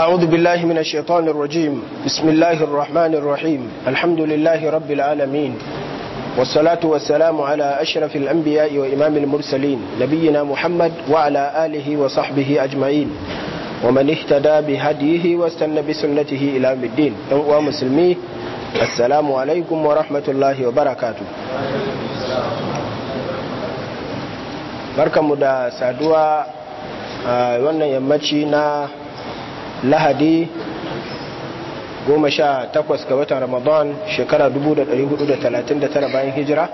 أعوذ بالله من الشيطان الرجيم بسم الله الرحمن الرحيم الحمد لله رب العالمين والصلاة والسلام على أشرف الأنبياء وإمام المرسلين نبينا محمد وعلى آله وصحبه أجمعين ومن اهتدى بهديه واستنى بسنته إلى الدين ومسلمي السلام عليكم ورحمة الله وبركاته بركة مدى سادوا wannan آه، yammaci lahadi 18 ga watan ramadan shekara 1439 bayan hijira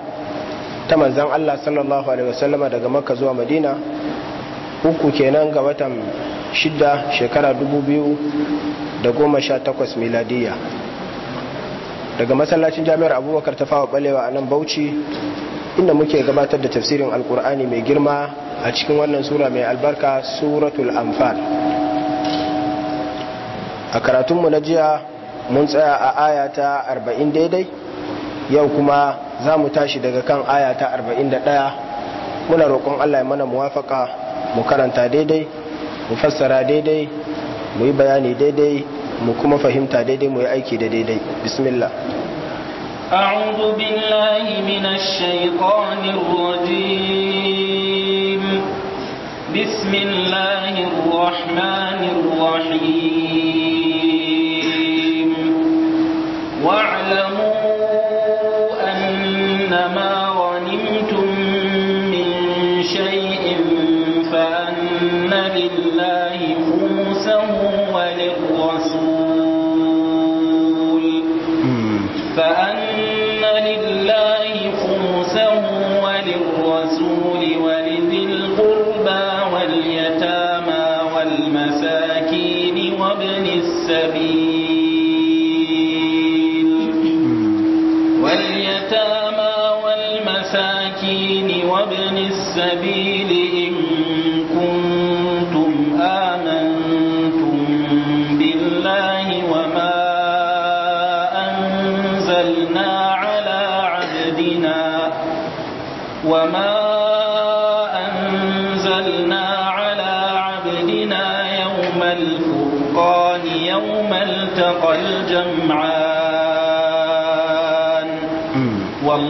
ta manzan Allah sallallahu alaihi wasallama daga makka zuwa madina uku kenan ga watan shida shekara 2018 miladiya daga masallacin jami'ar abubakar ta fawa balewa a nan bauchi inda muke gabatar da tafsirin alkur'ani mai girma a cikin wannan sura mai albarka suratul anfal a karatun mu na jiya mun tsaya a aya ta 40 daidai yau kuma za mu tashi daga kan aya ta 41 muna roƙon Allah ya mana muwafaka mu karanta daidai mu fassara daidai mu yi bayani daidai mu kuma fahimta daidai mu yi aiki da daidai bismillah أعوذ بالله من الشيطان الرجيم بسم الله الرحمن الرحيم واعلموا أنما غنمتم من شيء فأن لله خمسه وللرسول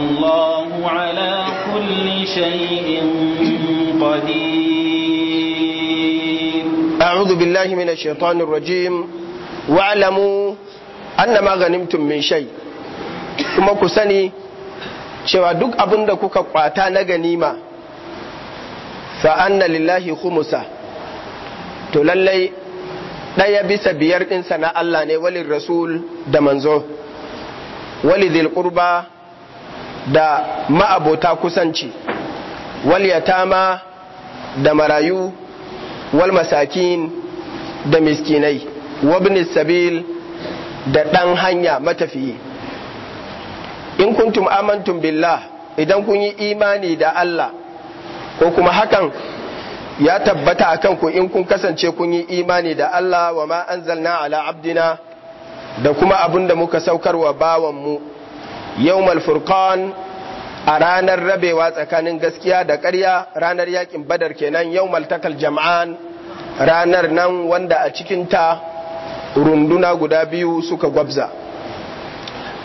والله على كل شيء قدير أعوذ بالله من الشيطان الرجيم واعلموا أن ما غنمتم من شيء kuma ku sani cewa duk abin da kuka kwata na ganima fa anna lillahi khumusa to lallai ɗaya bisa biyar ɗinsa na Allah ne walin rasul da manzo walidil qurba da ma'abota kusanci wal yatama da marayu wal masakin da miskinai wabni sabil da ɗan hanya matafiyi in kuntum amantum billah idan kun yi imani da Allah ko kuma hakan ya tabbata a ku in kun kasance kun yi imani da Allah wa ma anzalna ala abdina da kuma abin da muka saukarwa mu. Yau Malfurkan, a ranar rabewa tsakanin gaskiya da ƙarya ranar yakin badar kenan Yau maltakal jam'an ranar nan wanda a cikinta runduna guda biyu suka gwabza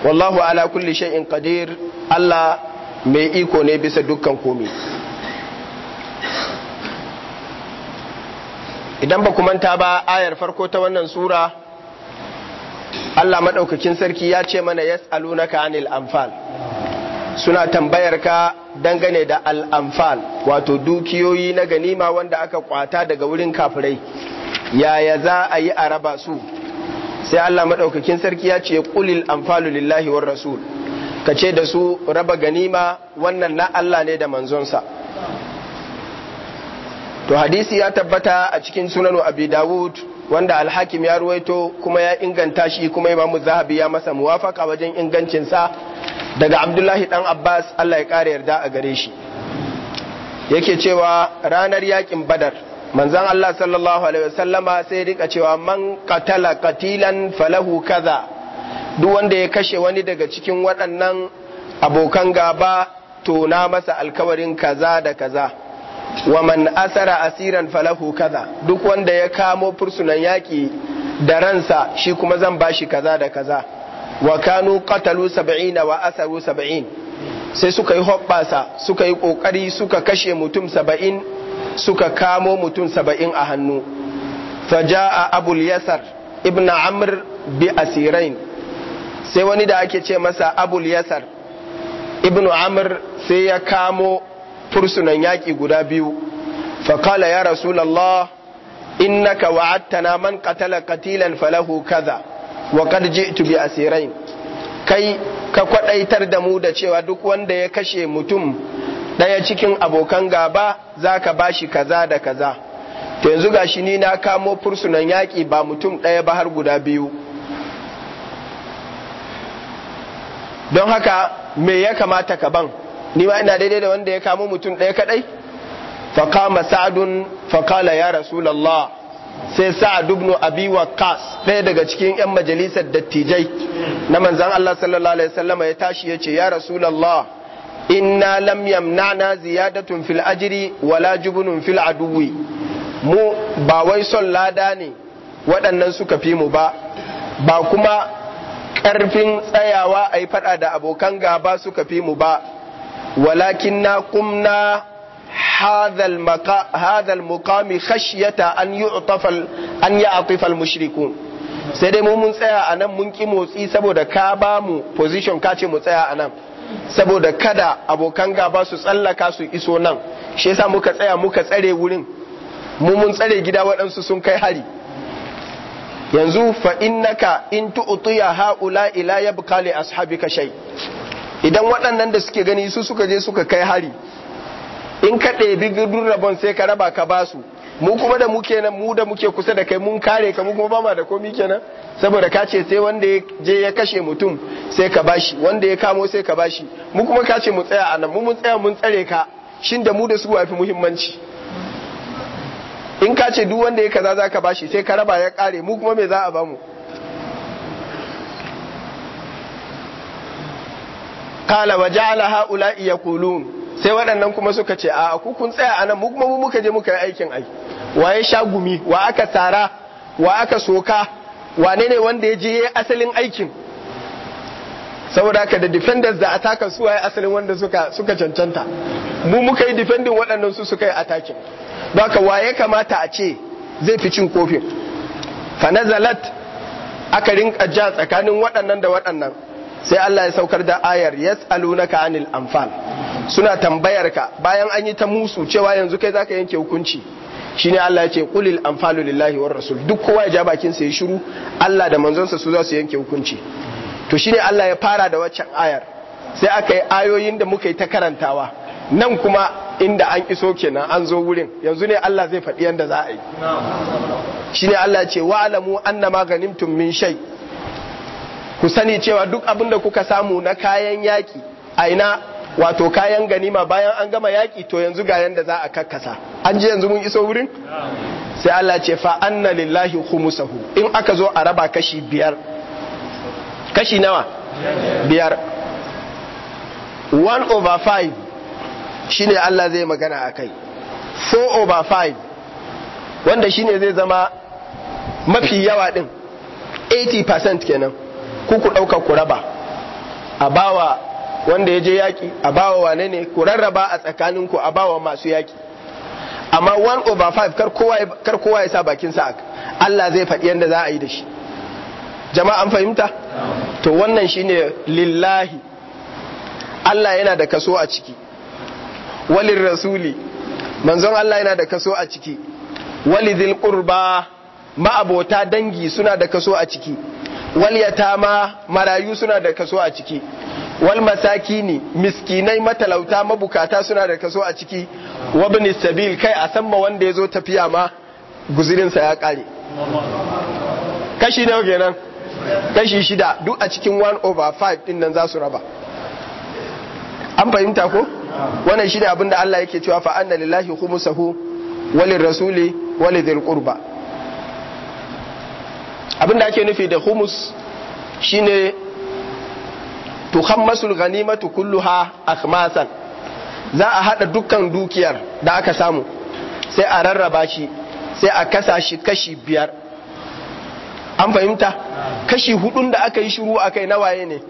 wallahu ala kulli shay'in qadir Allah mai iko ne bisa dukkan komi idan ba ku manta ba ayar farko ta wannan sura Allah maɗaukakin sarki ya ce mana yas'alunaka anil anfal suna tambayar ka dangane da al'amfal wato dukiyoyi na ganima wanda aka kwata daga wurin kafirai yaya za a yi a raba su sai Allah maɗaukakin sarki ya ce ƙulil amfalu lillahi war rasul ka ce da su raba ganima wannan na Allah ne da manzonsa to hadisi ya tabbata a cikin sunan abi dawud wanda alhakim ya ruwaito kuma ya inganta shi kuma imamu zahabi ya masa muwafaka wajen ingancinsa daga abdullahi dan abbas allah ya kara yarda a gare shi yake cewa ranar yakin badar manzan allah sallallahu alaihi wasallama sai rika cewa man katala katilan falahu kaza duk wanda ya kashe wani daga cikin waɗannan abokan gaba to na masa alkawarin kaza da kaza wa man asara asiran falahu kaza duk wanda ya kamo fursunan yaƙi da ransa shi kuma zan bashi kaza da kaza wa kanu qatalu 70 wa asaru 70 sai suka yi hoɓɓasa suka yi ƙoƙari suka kashe mutum 70 suka kamo mutum 70 a hannu faja'a abul yasar ibn amr bi asirain sai wani da ake ce masa abul yasar ibn amr sai ya kamo fursunan yaƙi guda biyu faƙala ya rasulallah innaka wa'attana man qatala qatilan falahu kaza wa qad ji'tu bi asirain kai ka kwadaitar da mu da cewa duk wanda ya kashe mutum ɗaya cikin abokan gaba zaka bashi kaza da kaza to yanzu gashi ni na kamo fursunan yaƙi ba mutum ɗaya ba har guda biyu don haka me ya kamata ka ban ni ma ina daidai da wanda ya kamo mutum ɗaya kadai fa kama sa'adun fa kala ya rasulallah sai sa'ad ibn abi waqas ɗaya daga cikin yan majalisar dattijai na manzon Allah sallallahu alaihi wasallam ya tashi ya ce ya rasulallah inna lam yamna'na ziyadatun fil ajri wala jubunun fil aduwi mu ba wai son lada ne waɗannan suka fi mu ba ba kuma ƙarfin tsayawa a yi faɗa da abokan gaba suka fi mu ba ولكننا قمنا هذا المقا... هذا المقام خشية أن يعطف أن يعطف المشركون sai dai mu mun tsaya a nan mun ki motsi saboda ka ba mu position ka ce mu tsaya a nan saboda kada abokan gaba su tsallaka su iso nan shi yasa muka tsaya muka tsare wurin mu mun tsare gida waɗansu sun kai hari yanzu fa innaka in tu'tiya haula ila yabqa li ashabika shay idan waɗannan da suke gani su suka je suka kai hari in ka ɗebi gudun rabon sai ka raba ka basu mu kuma da muke nan mu da muke kusa da kai mun kare ka mu kuma ba ma da komi kenan saboda ka ce sai wanda ya je ya kashe mutum sai ka bashi wanda ya kamo sai ka bashi mu kuma ka ce mu tsaya a nan mu mun tsaya mun tsare ka shin da mu da su wafi muhimmanci in ka ce duk wanda ya kaza za ka bashi sai ka raba ya kare mu kuma me za a bamu kala wa ja'ala iya yaqulun sai waɗannan kuma suka ce a ku kun tsaya anan mu kuma mu muka je muka yi aikin ai waye sha gumi wa aka tara wa aka soka wane ne wanda ya je asalin aikin saboda haka da defenders da attacker su waye asalin wanda suka suka cancanta mu muka yi defending waɗannan su suka yi attacking don haka waye kamata a ce zai fi cin kofin fa nazalat aka rinka ja tsakanin waɗannan da waɗannan sai Allah ya saukar da ayar yas'alunaka anil anfal suna tambayar ka bayan an yi ta musu cewa yanzu kai zaka yanke hukunci shine Allah ya ce qulil anfalu lillahi war rasul duk kowa ya ja bakin sa ya shiru Allah da manzonsa su za su yanke hukunci to shine Allah ya fara da waccan ayar sai aka yi ayoyin da muka yi ta karantawa nan kuma inda an iso kenan an zo wurin yanzu ne Allah zai faɗi yanda za a yi shine Allah ya ce wa'lamu annama ganimtum min shay' ku sani cewa duk abin da kuka samu na kayan yaƙi, a ina wato kayan ganima bayan an gama yaƙi to yanzu ga yanda za a kakkasa an ji yanzu mun iso wurin sai Allah ce fa anna lillahi khumusahu in aka zo a raba kashi biyar kashi nawa biyar one over five shine Allah zai magana a kai four over five wanda shine zai zama mafi yawa din 80% kenan ku ku ɗauka ku raba a bawa wanda ya je yaƙi a bawa wane ne ku rarraba a tsakaninku a bawa masu yaƙi amma 1 over 5 kar kowa ya sa bakin sa Allah zai faɗi yadda za a yi da shi jama'a an fahimta to wannan shine lillahi Allah yana da kaso a ciki walin rasuli manzon Allah yana da kaso a ciki walidil ƙurba ma'abota dangi suna da kaso a ciki wal yatama marayu suna da kaso a ciki wal masakini miskinai matalauta mabukata suna da kaso a ciki wabni sabil kai a ma wanda ya zo tafiya ma sa ya kare kashi nawa kenan kashi shida duk a cikin 1 over 5 din nan za su raba an fahimta ko wannan shida abinda Allah yake cewa fa anna lillahi wali rasuli walidhil qurba Abin da ake nufi da humus shine tuhammasul ghanimatu kulluha akhmasan za a hada dukkan dukiyar da aka samu sai a rarraba shi sai a kasa shi kashi biyar an fahimta kashi hudun da aka yi shiru akai na waye ne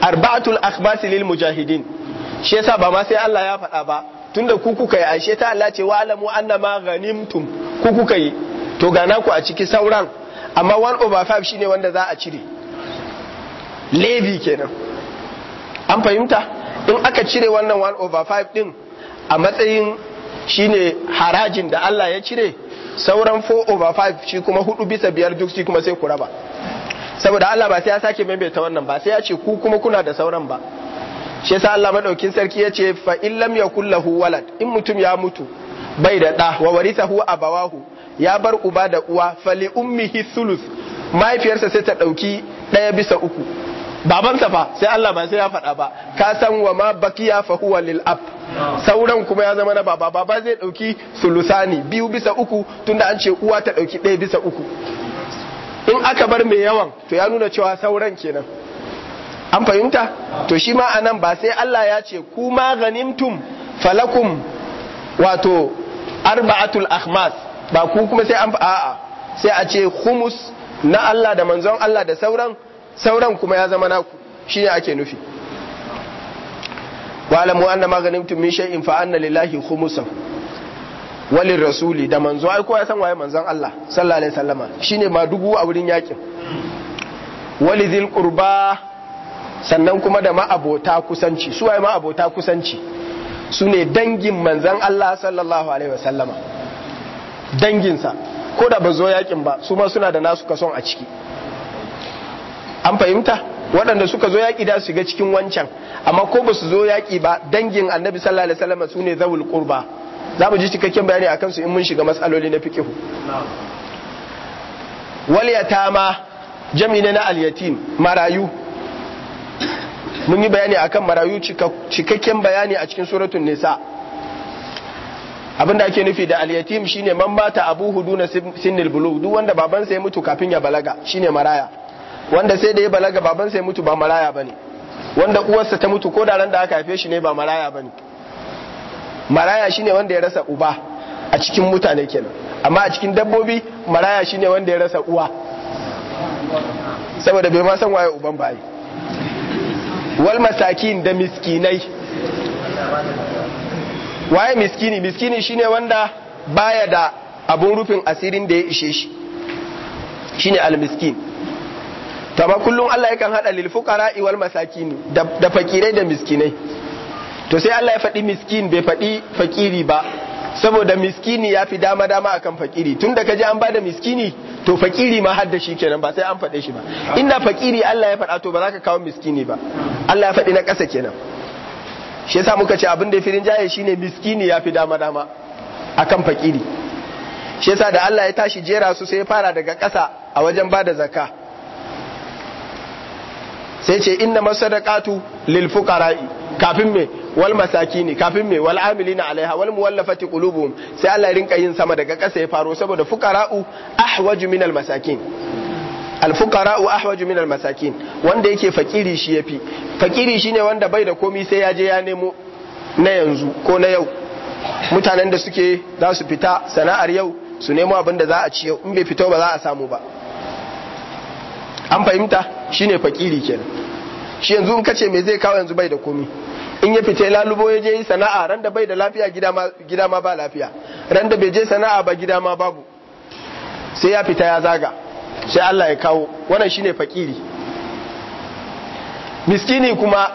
arba'atul akhbasi lil mujahidin shi yasa ba ma sai Allah ya faɗa ba tunda ku kuka yi ashe ta Allah ce wa alamu annama ghanimtum ku kuka yi to gana ku a ciki sauran amma 1 over 5 shine wanda za a cire levy kenan an fahimta in aka cire wannan 1 over 5 din a matsayin shine harajin da Allah ya cire sauran 4 over 5 shi kuma hudu bisa biyar duk shi kuma sai ku raba saboda Allah ba sai ya sake maimaita wannan ba sai ya ce ku kuma kuna da sauran ba shi yasa Allah madaukin sarki ya ce fa in lam yakul walad in mutum ya mutu bai da da wa warithahu abawahu ya bar uba da uwa fali ummihi thuluth mahaifiyarsa sai ta dauki daya bisa uku babansa fa sai Allah ba sai ya faɗa ba ka san wa ma bakiya fa huwa lil ab sauran kuma ya zama na baba baba zai dauki sulusani biyu bisa uku tunda an ce uwa ta dauki daya bisa uku in aka bar mai yawan to ya nuna cewa sauran kenan an fahimta to shi ma anan ba sai Allah ya ce kuma ganimtum falakum wato arba'atul akhmas ba ku kuma sai an a'a sai a ce humus na Allah da manzon Allah da sauran sauran kuma ya zama naku shine ake nufi wa'lamu anna ma ghanimtum min shay'in fa anna lillahi khumusan walin rasuli da manzo ai kowa ya san waye manzon Allah sallallahu alaihi wasallama shine ma dubu a wurin yakin walizil qurba sannan kuma da ma'abota kusanci su waye ma'abota kusanci su ne dangin manzon Allah sallallahu alaihi wasallama danginsa ko da ba zo yakin ba su ma suna da nasu kason a ciki an fahimta waɗanda suka zo yaƙi da su ga cikin wancan amma ko ba su zo yaƙi ba dangin annabi sallallahu alaihi wasallam su ne zawul qurba za mu ji cikakken bayani akan su in mun shiga matsaloli na fiqhu wal yatama jami na al yatim marayu mun yi bayani akan marayu cikakken bayani a cikin suratul nisa abinda ake nufi da al-yatim shine man mata hudu na sinnil bulugh duk wanda babansa ya mutu kafin ya balaga shine maraya wanda sai da ya balaga babansa ya mutu ba maraya bane wanda uwarsa ta mutu ko da ran da aka haife shi ne ba maraya bane maraya shine wanda ya rasa uba a cikin mutane kenan amma a cikin dabbobi maraya shine wanda ya rasa uwa saboda bai ma san waye uban ba wal masakin da miskinai waye miskini miskini shine wanda baya da abun rufin asirin da ya ishe shi shine almiskin to ba kullum Allah yakan hada lil fuqara wal masakin da, da fakirai da miskinai to sai Allah ya faɗi miskin bai faɗi fakiri ba saboda miskini ya fi dama dama akan fakiri tun da kaji an bada miskini to fakiri ma hadda shi kenan ba sai an faɗe shi ba inda fakiri Allah ya faɗa to ba za ka kawo miskini ba Allah ya faɗi na kasa kenan shi yasa muka ce abin da ya fi rinjaye shine miskini ya fi dama dama akan fakiri shi yasa da Allah ya tashi jera su sai ya fara daga ƙasa a wajen ba da zakka sai ce inna masadaqatu lil fuqara'i kafin me wal masakini kafin me wal amilina alaiha wal muwallafati qulubuhum sai Allah ya rinka yin sama daga ƙasa ya faro saboda fuqara'u ahwaju min al masakin alfukara wa ahwaju min almasakin wanda yake fakiri shi yafi fakiri shine wanda bai da komi sai ya je ya nemo na yanzu ko na yau mutanen da suke za su fita sana'ar yau su nemo abin da za a ci yau in bai fito ba za a samu ba an fahimta shine fakiri kenan shi yanzu in kace me zai kawo yanzu bai da komi in ya fita lalubo ya je yi sana'a ran da bai da lafiya gida ma ba lafiya ran da bai je sana'a ba gida ma babu sai ya fita ya zaga sai Allah ya kawo wannan shine fakiri miskini kuma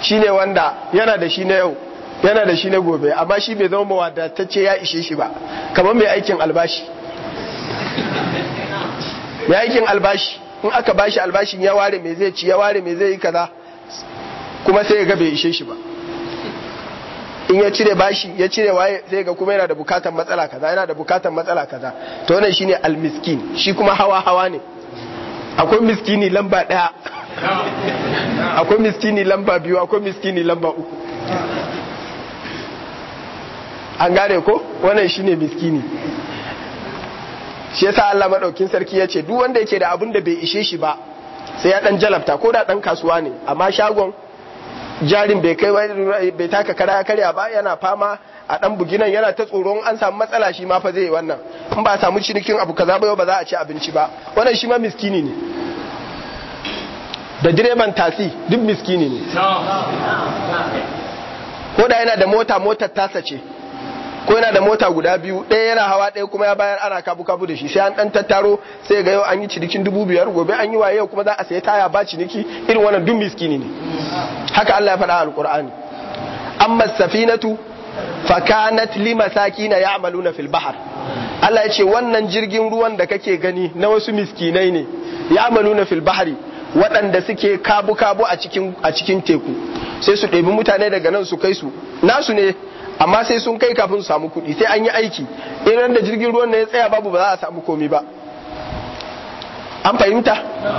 shine wanda yana da shi na yau yana da shi na gobe amma shi bai zama wadatacce ya ishe shi ba kamar mai aikin albashi mai aikin albashi in aka bashi albashin ya ware mai zai ci ya ware mai zai yi kaza kuma sai ya ga bai ishe shi ba in ya cire bashi ya cire waye zai ga kuma yana da bukatan matsala kaza yana da bukatan matsala kaza to wannan shine almiskin shi kuma hawa hawa ne akwai miskini lamba daya akwai miskini lamba biyu akwai miskini lamba uku an gane ko wannan shine miskini shi yasa Allah madaukin sarki ya ce duk wanda yake da abin da bai ishe shi ba sai ya dan jalabta ko da dan kasuwa ne amma shagon jarin bai kai bai taka kara karya ba yana fama a dan buginan yana ta tsoron an samu matsala shi ma fa zai wannan in ba samu cinikin abu kaza ba yau ba za a ci abinci ba wannan shi ma miskini ne da direban tasi duk miskini ne ko da yana da mota motar tasa ce ko yana da mota guda biyu ɗaya yana hawa ɗaya kuma ya bayar ana kabu kabu da shi sai an ɗan tattaro sai ga yau an yi cinikin dubu biyar gobe an yi waye yau kuma za a sayi taya ba ciniki irin wannan dun miskini ne haka Allah ya faɗa a alqur'ani amma safinatu fakanat masakin ya'maluna fil bahr Allah ya ce wannan jirgin ruwan da kake gani na wasu miskinai ne ya'maluna fil bahri waɗanda suke kabu kabu a cikin a cikin teku sai su ɗebi mutane daga nan su kai su nasu ne amma sai sun kai kafin su samu kuɗi sai an yi aiki idan da jirgin ruwan na ya tsaya babu ba za a samu komi ba an fahimta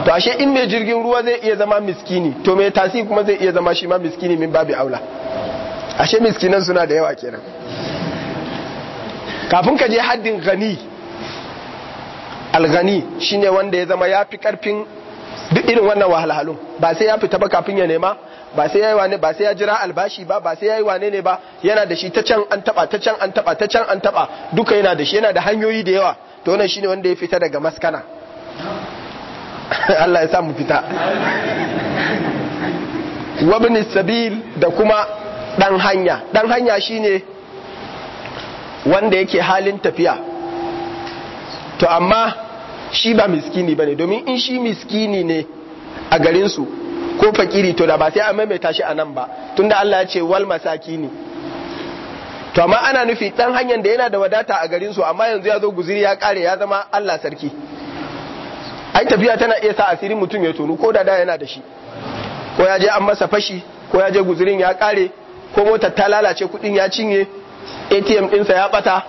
to ashe in mai jirgin ruwa zai iya zama miskini to mai tasi kuma zai iya zama shi ma miskini min babu aula ashe miskinan suna da yawa kenan kafin ka je haddin gani algani shine wanda ya zama ya fi karfin duk irin wannan wahalhalun ba sai ya fita ba kafin ya nema ba sai yayi wane ba sai ya jira albashi ba ba sai yayi wane ne ba yana da shi ta can an taba ta can an taba ta can an taba duka yana da shi yana da hanyoyi da yawa to wannan shine wanda ya fita daga maskana Allah ya sa mu fita wabni sabil da kuma dan hanya dan hanya shine wanda yake halin tafiya to amma shi ba miskini bane domin in shi miskini ne a garin su. ko fakiri to da ba sai an maimaita shi a nan ba tunda Allah ya ce wal ne. to amma ana nufi dan hanyar da yana da wadata a garin su amma yanzu ya zo guziri ya kare ya zama Allah sarki ai tafiya tana iya sa asirin mutum ya tonu ko da da yana da shi ko ya je an masa fashi ko ya je guzirin ya kare ko motar ta lalace kudin ya cinye ATM ɗinsa ya bata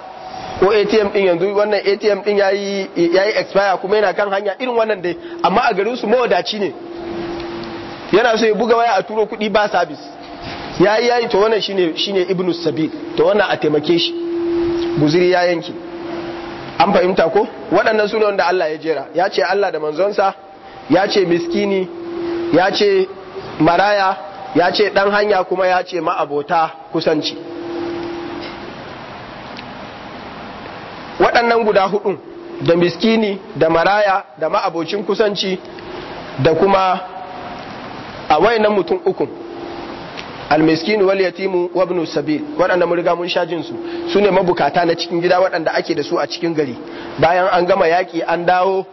ko ATM din yanzu wannan ATM din yayi yayi expire kuma yana kan hanya irin wannan dai amma a garin su mawadaci ne yana so ya buga waya a turo kuɗi ba sabis ya yi yayi to wannan shine shine ibnu sabil to wannan a taimake shi guziri ya yanki an fahimta ko waɗannan ne wanda Allah ya jera ya ce Allah da manzonsa ya ce miskini ya ce maraya ya ce ɗan hanya kuma ya ce ma'abota kusanci waɗannan guda hudun da miskini da maraya da ma'abocin kusanci da kuma a wayannan mutum ukun almiskin wal yatimu wa sabil waɗanda mun riga mun sha jin su sune mabukata na cikin gida waɗanda ake da su a cikin gari bayan an gama yaki an dawo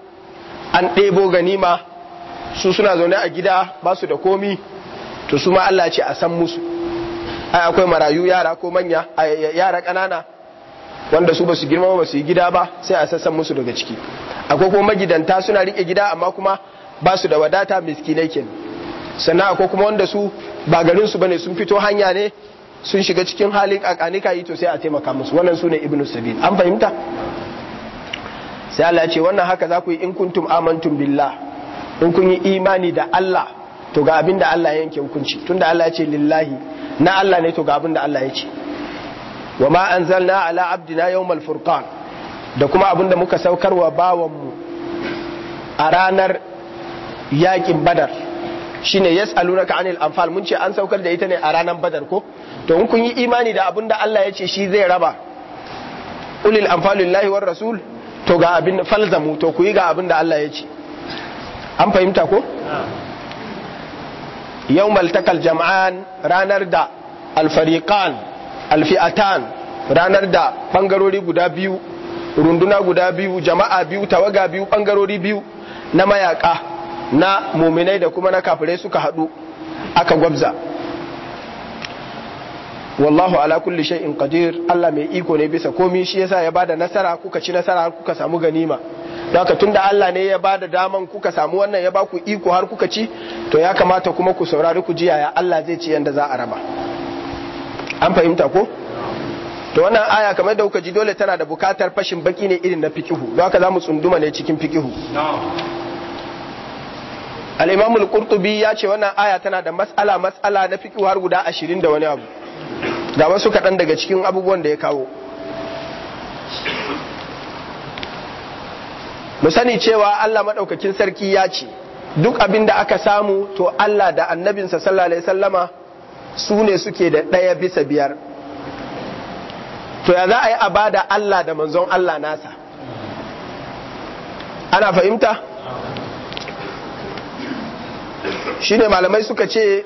an ɗebo ganima su suna zaune a gida ba su da komi to su ma Allah ce a san musu ai akwai marayu yara ko manya yara ƙanana wanda su ba su girma ba su yi gida ba sai a sassan musu daga ciki akwai kuma magidanta suna rike gida amma kuma ba su da wadata miskinai kenan sannan akwai kuma wanda su ba garin su bane sun fito hanya ne sun shiga cikin halin ka yi to sai a taimaka musu wannan sune ibnu sabil an fahimta sai Allah ya ce wannan haka za ku yi in kuntum amantum billah in kun yi imani da Allah to ga abin da Allah ya yanke hukunci tunda Allah ya ce lillahi na Allah ne to ga abin da Allah ya ce wa ma anzalna ala abdina yawmal furqan da kuma abin da muka saukarwa bawanmu a ranar yakin badar shine alunaka anil anfal mun ce an saukar da ita ne a ranar badar ko to in kun yi imani da abinda Allah ya ce shi zai raba ulil anfalillahi war rasul to ga abin falzamu to ku yi ga abin da Allah ya ce an fahimta ko yawmal takal jam'an ranar da alfariqan alfi'atan ranar da bangarori guda biyu runduna guda biyu jama'a biyu tawaga biyu bangarori biyu na mayaka na muminai da kuma na kafirai suka haɗu aka gwabza wallahu ala kulli shay'in qadir Allah mai iko ne bisa komi shi yasa ya bada nasara kuka ci nasara har kuka samu ganima haka tunda Allah ne ya bada daman kuka samu wannan ya ba ku iko har kuka ci to ya kamata kuma ku saurari ku jiya ya Allah zai ci yanda za a raba an fahimta ko to wannan aya kamar da kuka ji dole tana da bukatar fashin baki ne irin na fikihu don haka mu tsunduma ne cikin fikihu al-imam al-qurtubi ya ce wannan aya tana da mas'ala mas'ala na fiqh har guda ashirin da wani abu ga wasu kaɗan daga cikin abubuwan da ya kawo mu sani cewa Allah maɗaukakin sarki ya ce duk abin da aka samu to Allah da annabinsa sallallahu alaihi sallama su ne suke da ɗaya bisa biyar to ya za a yi a bada Allah da manzon Allah nasa ana fahimta Shi ne malamai suka ce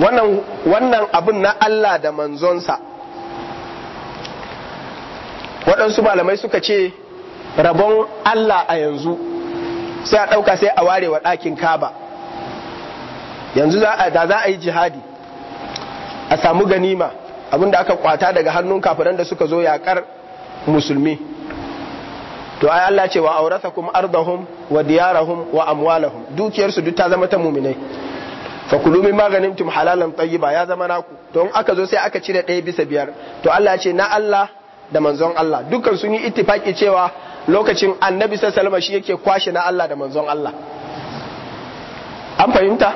wannan abin na Allah da manzonsa waɗansu malamai suka ce rabon Allah a yanzu sai a ɗauka sai a ware wa ɗakin kaba yanzu da za a yi jihadi a samu ganima da aka kwata daga hannun kafiran da suka zo yaƙar musulmi to ai Allah ce wa aurathakum ardahum wa diyarahum wa amwalahum dukiyar su duk ta zama ta muminai fa kulu mimma maganimtum halalan tayyiba ya zama naku to in aka zo sai aka cire ɗaya bisa biyar to Allah ce na Allah da manzon Allah dukkan sun yi ittifaki cewa lokacin annabi sallallahu alaihi shi yake kwashe na Allah da manzon Allah an fahimta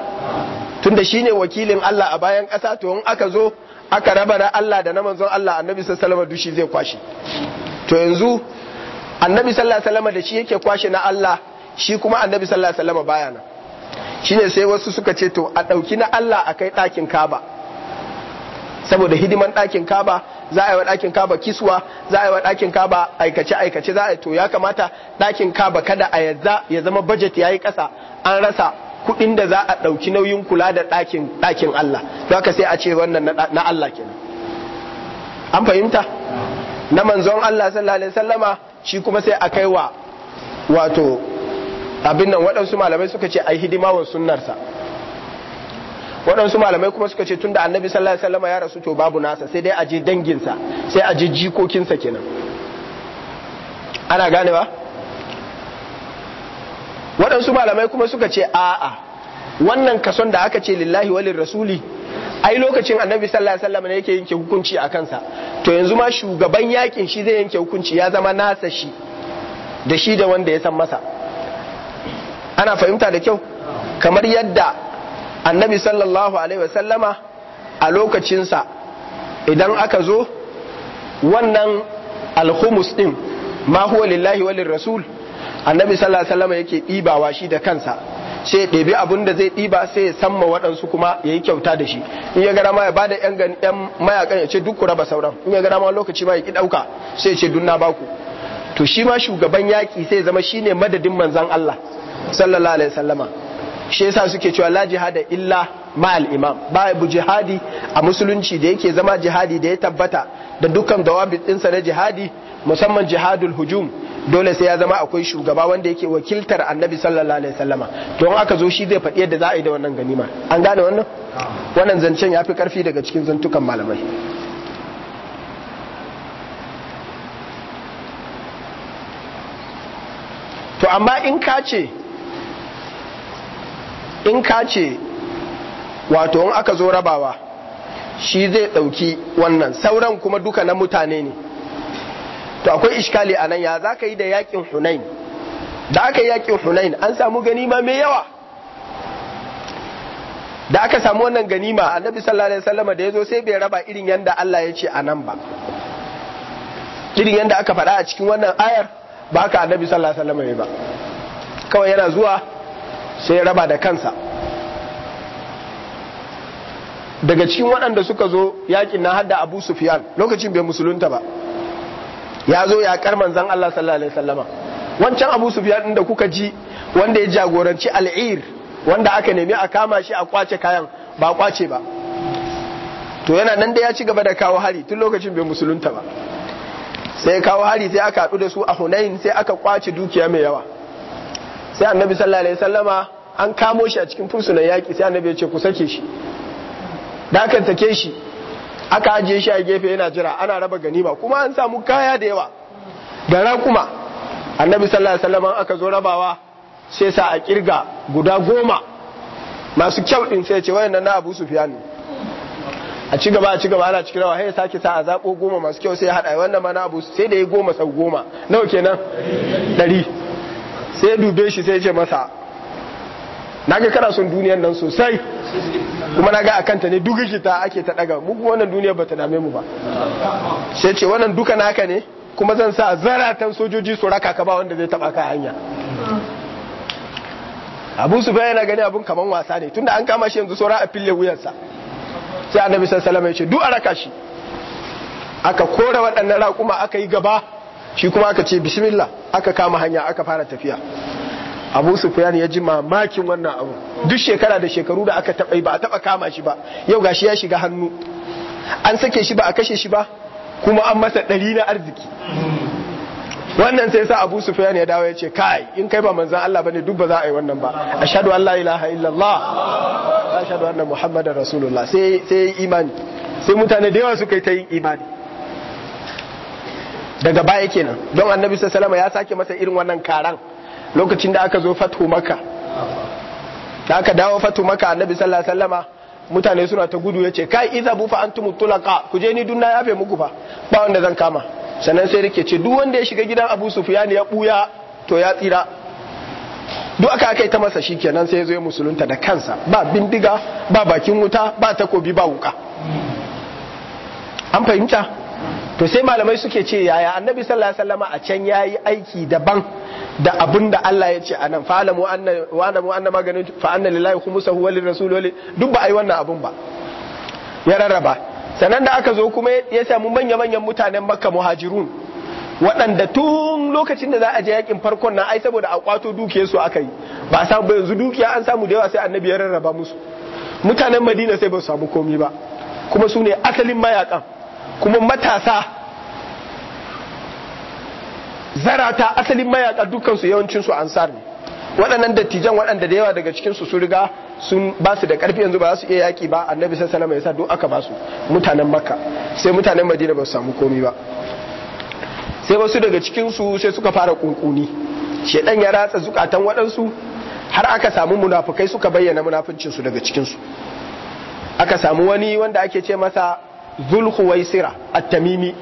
tunda shine wakilin Allah a bayan kasa to in aka zo aka raba na Allah da na manzon Allah annabi sallallahu alaihi wasallam dushi zai kwashe to yanzu annabi sallallahu alaihi wasallam da shi yake kwashe na Allah shi kuma annabi sallallahu alaihi wasallam baya nan shine sai wasu suka ce to a ɗauki na Allah a kai ɗakin Kaba saboda hidiman ɗakin Kaba za a yi wa ɗakin Kaba kiswa za a yi wa ɗakin Kaba aikace aikace za a yi to ya kamata ɗakin Kaba kada a yadda ya zama budget yayi kasa an rasa kuɗin da za a ɗauki nauyin kula da ɗakin ɗakin Allah don haka sai a ce wannan na Allah kenan an fahimta na manzon Allah sallallahu alaihi wasallama shi kuma sai a kai wa wato abin nan waɗansu malamai suka ce ai hidima wa sunnarsa waɗansu malamai kuma suka ce tunda annabi sallallahu alaihi wasallama ya rasu to babu nasa sai dai a je danginsa sai a je jikokinsa kenan ana gane ba waɗansu malamai kuma suka ce a'a wannan kason da aka ce lillahi walin rasuli ai lokacin annabi sallallahu alaihi wasallam ne yake yanke hukunci a kansa to yanzu ma shugaban yakin shi zai yanke hukunci ya zama nasa shi da shi da wanda ya san masa ana fahimta da kyau kamar yadda annabi sallallahu alaihi wasallama a lokacinsa idan aka zo wannan alhumus din ma huwa lillahi walin rasul annabi sallallahu alaihi wasallama yake ɗibawa shi da kansa sai ɗebi abin da zai ɗiba sai ya samma waɗansu kuma ya yi kyauta da shi in ya gara ma ya bada yan mayakan ya ce duk ku raba sauran in ya gara ma lokaci ma ya ki ɗauka sai ya ce duk na baku to shi ma shugaban yaƙi sai ya zama ne madadin manzon Allah sallallahu alaihi wasallama shi yasa suke cewa la da illa ma'al imam ba bu jihadi a musulunci da yake zama jihadi da ya tabbata da dukkan dawabit na jihadi musamman jihadul hujum dole sai ya zama akwai shugaba wanda yake wakiltar annabi sallallahu alaihi wasallama don aka zo shi zai faɗi yadda za a yi da wannan ganima an gane wannan wannan zancen ya fi ƙarfi daga cikin zantukan malamai to amma in ka ce in ka ce wato in aka zo rabawa shi zai ɗauki wannan sauran kuma duka na mutane ne to akwai iskali a nan ya za ka yi da yakin hunain da aka yi yakin hunain an samu ganima mai yawa da aka samu wannan ganima annabi sallallahu alaihi wasallam da ya zo sai bai raba irin yanda Allah ya ce a nan ba irin yanda aka faɗa a cikin wannan ayar ba haka annabi sallallahu alaihi wasallam ba kawai yana zuwa sai ya raba da kansa daga cikin waɗanda suka zo yakin na hadda abu sufiyan lokacin bai musulunta ba ya zo ya yaƙar manzan Allah sallallahu alaihi wasallama wancan abu sufiyan inda da kuka ji wanda ya jagoranci al'ir wanda aka nemi a kama shi a kwace kayan ba kwace ba to yana nan da ya ci gaba da kawo hari tun lokacin bai musulunta ba sai kawo hari sai aka haɗu da su a hunayin sai aka kwace dukiya mai yawa sai annabi sallallahu alaihi wasallama an kamo shi a cikin fursunan yaƙi sai annabi ya ce ku sake shi da aka take shi aka ajiye shi a gefe yana jira ana raba ganima kuma an samu kaya da yawa da rakuma annabi sallallahu alaihi wasallam aka zo rabawa sai sa a kirga guda goma masu kyau din sai ce wayannan na Abu Sufyan a ci gaba a ci gaba ana cikin rawa sai sake sa a zabo goma masu kyau sai ya hada wannan ma na Abu sai da ya goma sau goma nawa kenan 100 sai dube shi sai ce masa naga kana son duniyar nan sosai kuma na ga a kanta ne duk rikita ake ta daga mu wannan duniya ba ta dame mu ba sai ce wannan duka naka ne kuma zan sa zaratan sojoji su raka ka ba wanda zai taba ka hanya abu su bayan na gani abun kaman wasa ne tunda an kama shi yanzu saura a fille wuyarsa sai annabi sallallahu alaihi wasallam ya ce duk a raka shi aka kore waɗannan raƙuma aka yi gaba shi kuma aka ce bismillah aka kama hanya aka fara tafiya abu sufyan ya ji mamakin wannan abu duk shekara da shekaru da aka taɓa ba a taɓa kama shi ba yau gashi ya shiga hannu an sake shi ba a kashe shi ba kuma an masa ɗari na arziki wannan sai sa abu sufyan ya dawo ya ce kai in kai ba manzan Allah bane duk ba za a yi wannan ba ashhadu an la ilaha illallah muhammadar rasulullah sai sai imani sai mutane da yawa suka yi ta yin imani daga baya kenan don annabi sallallahu alaihi wasallam ya sake masa irin wannan karan lokacin da aka zo fatu maka da aka dawo fatu maka annabi sallallahu alaihi wasallama mutane suna ta gudu ya yace kai iza bu fa antum tulaqa ku je ni dunna yafe muku fa ba wanda zan kama sannan sai rike ce duk wanda ya shiga gidan Abu Sufyan ya buya to ya tsira duk aka aka ta masa shi kenan sai ya zo musulunta da kansa ba bindiga ba bakin wuta ba takobi ba wuka an fahimta to sai malamai suke ce yaya annabi sallallahu alaihi wasallama a can yayi aiki daban da abin da Allah ya ce anan fa alamu anna wa mu anna maganin fa anna lillahi khumsuhu wa rasul walil duk ba ai wannan abun ba ya rarraba sanan da aka zo kuma ya samu manya manyan mutanen makka muhajirun waɗanda tun lokacin da za a je yakin farkon na ai saboda a kwato dukiyar su aka yi ba a samu yanzu dukiya an samu da yawa sai annabi ya rarraba musu mutanen madina sai ba su samu komi ba kuma su ne asalin mayakan kuma matasa zarata asalin mayaka dukkansu su ansar ne waɗannan dattijan waɗanda da yawa daga cikinsu sun riga sun ba su da ƙarfi yanzu ba za su iya yaƙi ba annabi alaihi wasallam ya sa duk aka ba su mutanen makka sai mutanen madina ba su samu komai ba sai wasu daga cikin su sai suka fara kunkuni shedan ya ratsa zukatan waɗansu har aka samu munafukai suka bayyana su daga cikinsu aka samu wani wanda ake ce masa zulhuwaisira at-tamimi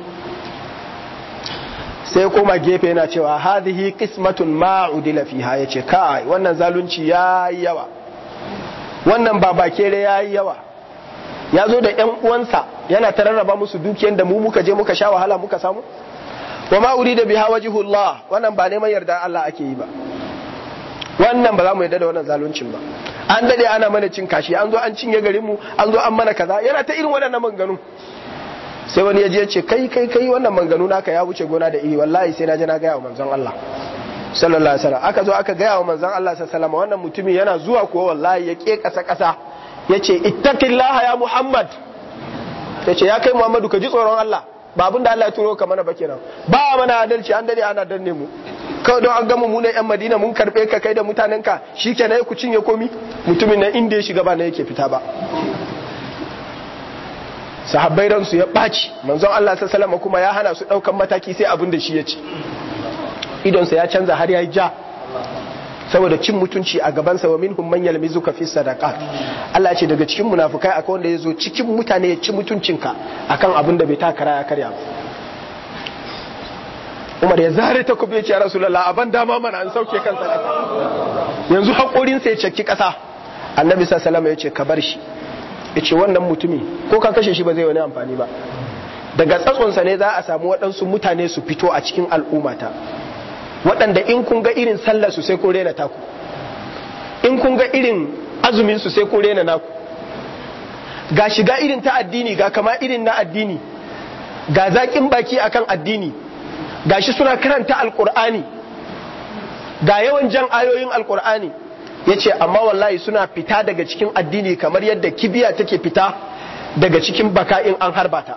sai koma gefe yana cewa hadhihi qismatun ma udila fiha yace kai wannan zalunci yayi yawa wannan babakere yayi yawa ya zo da yan uwansa yana ta rarraba musu dukiyar da mu muka je muka sha wahala muka samu wa ma urida biha wajhullah wannan ba neman yarda Allah ake yi ba wannan ba za mu yarda da wannan zaluncin ba an dade ana mana cin kashi an zo an cinye garin mu an zo an mana kaza yana ta irin waɗannan maganganu sai wani ya je ce kai kai kai wannan manganu naka ya wuce gona da iri wallahi sai naje na gaya wa manzon Allah sallallahu alaihi wasallam aka zo aka gaya wa manzon Allah sallallahu alaihi wannan mutumin yana zuwa kuwa wallahi ya ke kasa kasa yace ittaqillaha ya muhammad yace ya kai muhammadu ka ji tsoron Allah ba abin da Allah ya turo ka mana ba kenan ba mana adalci an dare ana danne mu kawai don an gama mu ne yan madina mun karbe ka kai da mutanen ka shikenan ku cinye komi mutumin nan inda ya shiga ba na yake fita ba sahabbai ransu ya ɓaci manzon Allah sallallahu kuma ya hana su ɗaukan mataki sai abin da shi ya ci idonsa ya canza har ya yi ja saboda cin mutunci a gabansa wa minhum man yalmizuka fi sadaka Allah ce daga cikin munafukai akwai wanda ya zo cikin mutane ya ci mutuncinka akan abin da bai takara ya karya ba Umar ya zare ta kube ce ya Rasulullah ban dama mana an sauke kan sadaka yanzu hakorin sa ya cakki kasa Annabi sallallahu alaihi wasallam ya ce ka bar shi ya ce wannan mutumi ko kan kashe shi ba zai wani amfani ba daga tsatsonsa ne za a samu waɗansu mutane su fito a cikin al'ummata waɗanda in kun ga irin sallar su sai kun rena taku in kun ga irin azumin su sai kun rena naku ga shiga irin ta addini ga kama irin na addini ga zaƙin baki akan addini ga shi suna karanta alƙur'ani ga yawan jan ayoyin alƙur'ani yace amma wallahi suna fita daga cikin addini kamar yadda kibiya take fita daga cikin baka in an harba ta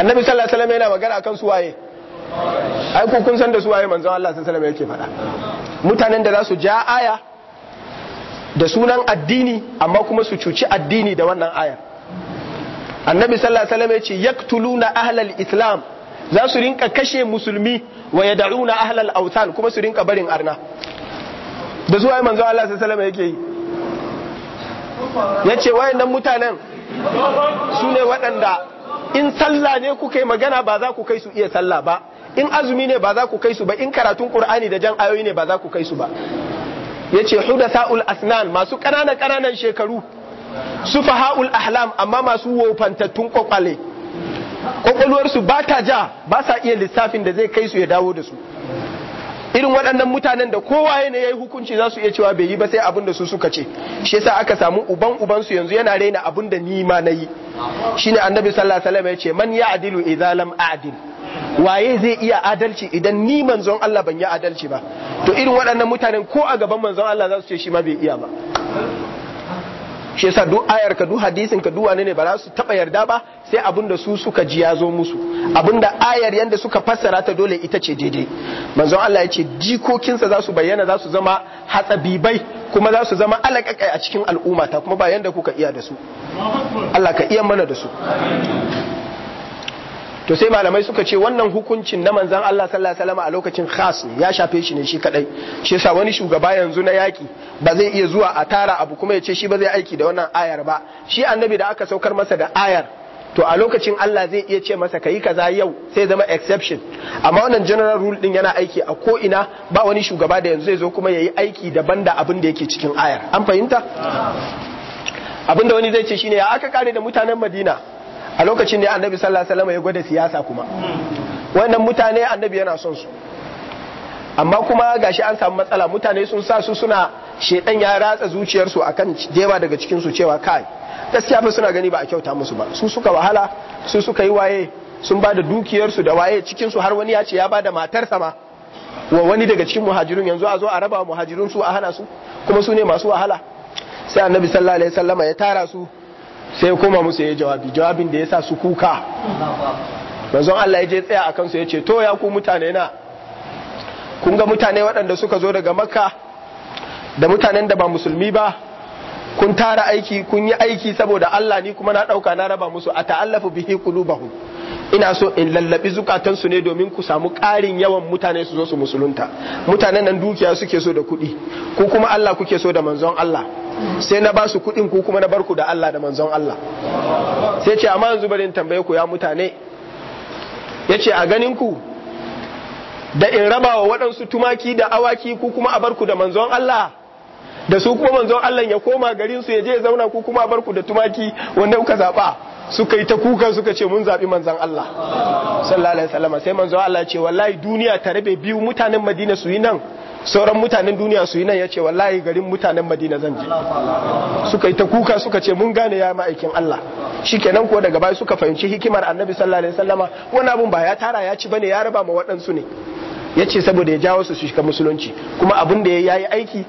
annabi sallallahu alaihi wasallam yana magana akan suwaye ai ku kun san da suwaye manzon Allah sallallahu alaihi wasallam yake faɗa mutanen da za su ja aya da sunan addini amma kuma su cuci addini da wannan aya annabi sallallahu alaihi wasallam yace yaqtuluna ahlal islam za su rinka kashe musulmi wa ya na ahlal autan kuma su rinka barin arna da zuwa manzo Allah sallallahu salama yake yi Ya yace wayannan mutanen su ne waɗanda in sallah ne kuka yi magana ba za ku kai su iya sallah ba in azumi ne ba za ku kai su ba in karatun qur'ani da jan ayoyi ne ba za ku kai su ba Ya yace hudasaul asnan masu ƙananan ƙananan shekaru Ha'ul ahlam amma masu wofantattun ƙwaƙwale. kwakwalwarsu ba ta ja ba sa iya lissafin da zai kai su ya dawo da su irin waɗannan mutanen da kowaye ne ya yi hukunci za su iya cewa bai yi ba sai abin da su suka ce shi yasa aka samu uban ubansu yanzu yana raina abin da ni ma na yi shine annabi sallallahu alaihi wasallam ya ce man ya adilu idza lam adil waye zai iya adalci idan ni manzon Allah ban yi adalci ba to irin waɗannan mutanen ko a gaban manzon Allah za su ce shi ma bai iya ba shi yasa duk ayar ka duk hadisin ka duk wane ne ba za su taba yarda ba sai abun da su suka ji ya zo musu abin da ayar yanda suka fassara ta dole ita ce daidai manzon Allah ya ce jikokinsa za su bayyana za su zama hatsabibai kuma za su zama alaƙaƙai a cikin al'umma ta kuma ba yanda kuka iya da su Allah ka iya mana da su to sai malamai suka ce wannan hukuncin na manzan Allah sallallahu alaihi wasallam a lokacin khas ne ya shafe shi ne shi kadai shi yasa wani shugaba yanzu na yaki ba zai iya zuwa a tara abu kuma ya ce shi ba zai aiki da wannan ayar ba shi annabi da aka saukar masa da ayar to a lokacin Allah zai iya ce masa kayi kaza yau sai zama exception amma wannan general rule din yana aiki a ko ina ba wani shugaba da yanzu zai zo kuma yayi aiki daban da abin da yake cikin ayar an fahimta abin da wani zai ce shine ya aka kare da mutanen Madina a lokacin da annabi sallallahu alaihi ya gwada siyasa kuma wannan mutane annabi yana son su amma kuma gashi an samu matsala mutane sun sa su suna shedan ya ratsa zuciyarsu akan jewa daga cikin su cewa kai gaskiya fa suna gani ba a kyauta musu ba su suka wahala su suka yi waye sun bada dukiyar dukiyarsu da waye cikin su har wani ya ce ya bada matar matarsa ma wa wani daga cikin muhajirun yanzu a zo a raba muhajirun su a hana su kuma su ne masu wahala sai annabi sallallahu alaihi wasallama ya tara su sai koma musu ya jawabi jawabin da ya sa su kuka manzon Allah ya je tsaya a kansu ya ce to ya ku mutane na kun ga mutane waɗanda suka zo daga makka da mutanen da ba musulmi ba kun tara aiki kun yi aiki saboda Allah ni kuma na ɗauka na raba musu a ta'allafu bihi qulubahum ina so in lallabi zukatansu ne domin ku samu ƙarin yawan mutane su zo su musulunta mutanen nan dukiya suke so da kuɗi ku kuma Allah kuke so da manzon Allah sai na ba su kuɗin ku kuma na barku da Allah da manzon Allah sai ce amma yanzu bari in tambaye ku ya mutane yace a ganin ku da in raba wa waɗansu tumaki da awaki ku kuma a barku da manzon Allah da su kuma manzon Allah ya koma garin su ya je ya zauna ku kuma a barku da tumaki wanda kuka zaɓa suka yi ta kuka suka ce mun zaɓi manzan Allah sallallahu alaihi wasallam sai manzon Allah ce wallahi duniya ta rabe biyu mutanen Madina su yi nan sauran mutanen duniya su yi nan yace wallahi garin mutanen Madina zan je suka yi ta kuka suka ce mun gane ya ma'aikin Allah shikenan ko daga baya suka fahimci hikimar Annabi sallallahu alaihi wasallama wannan abun ba ya tara ya ci bane ya raba ma waɗansu ne yace saboda ya jawo su su shiga musulunci kuma abin da ya yi aiki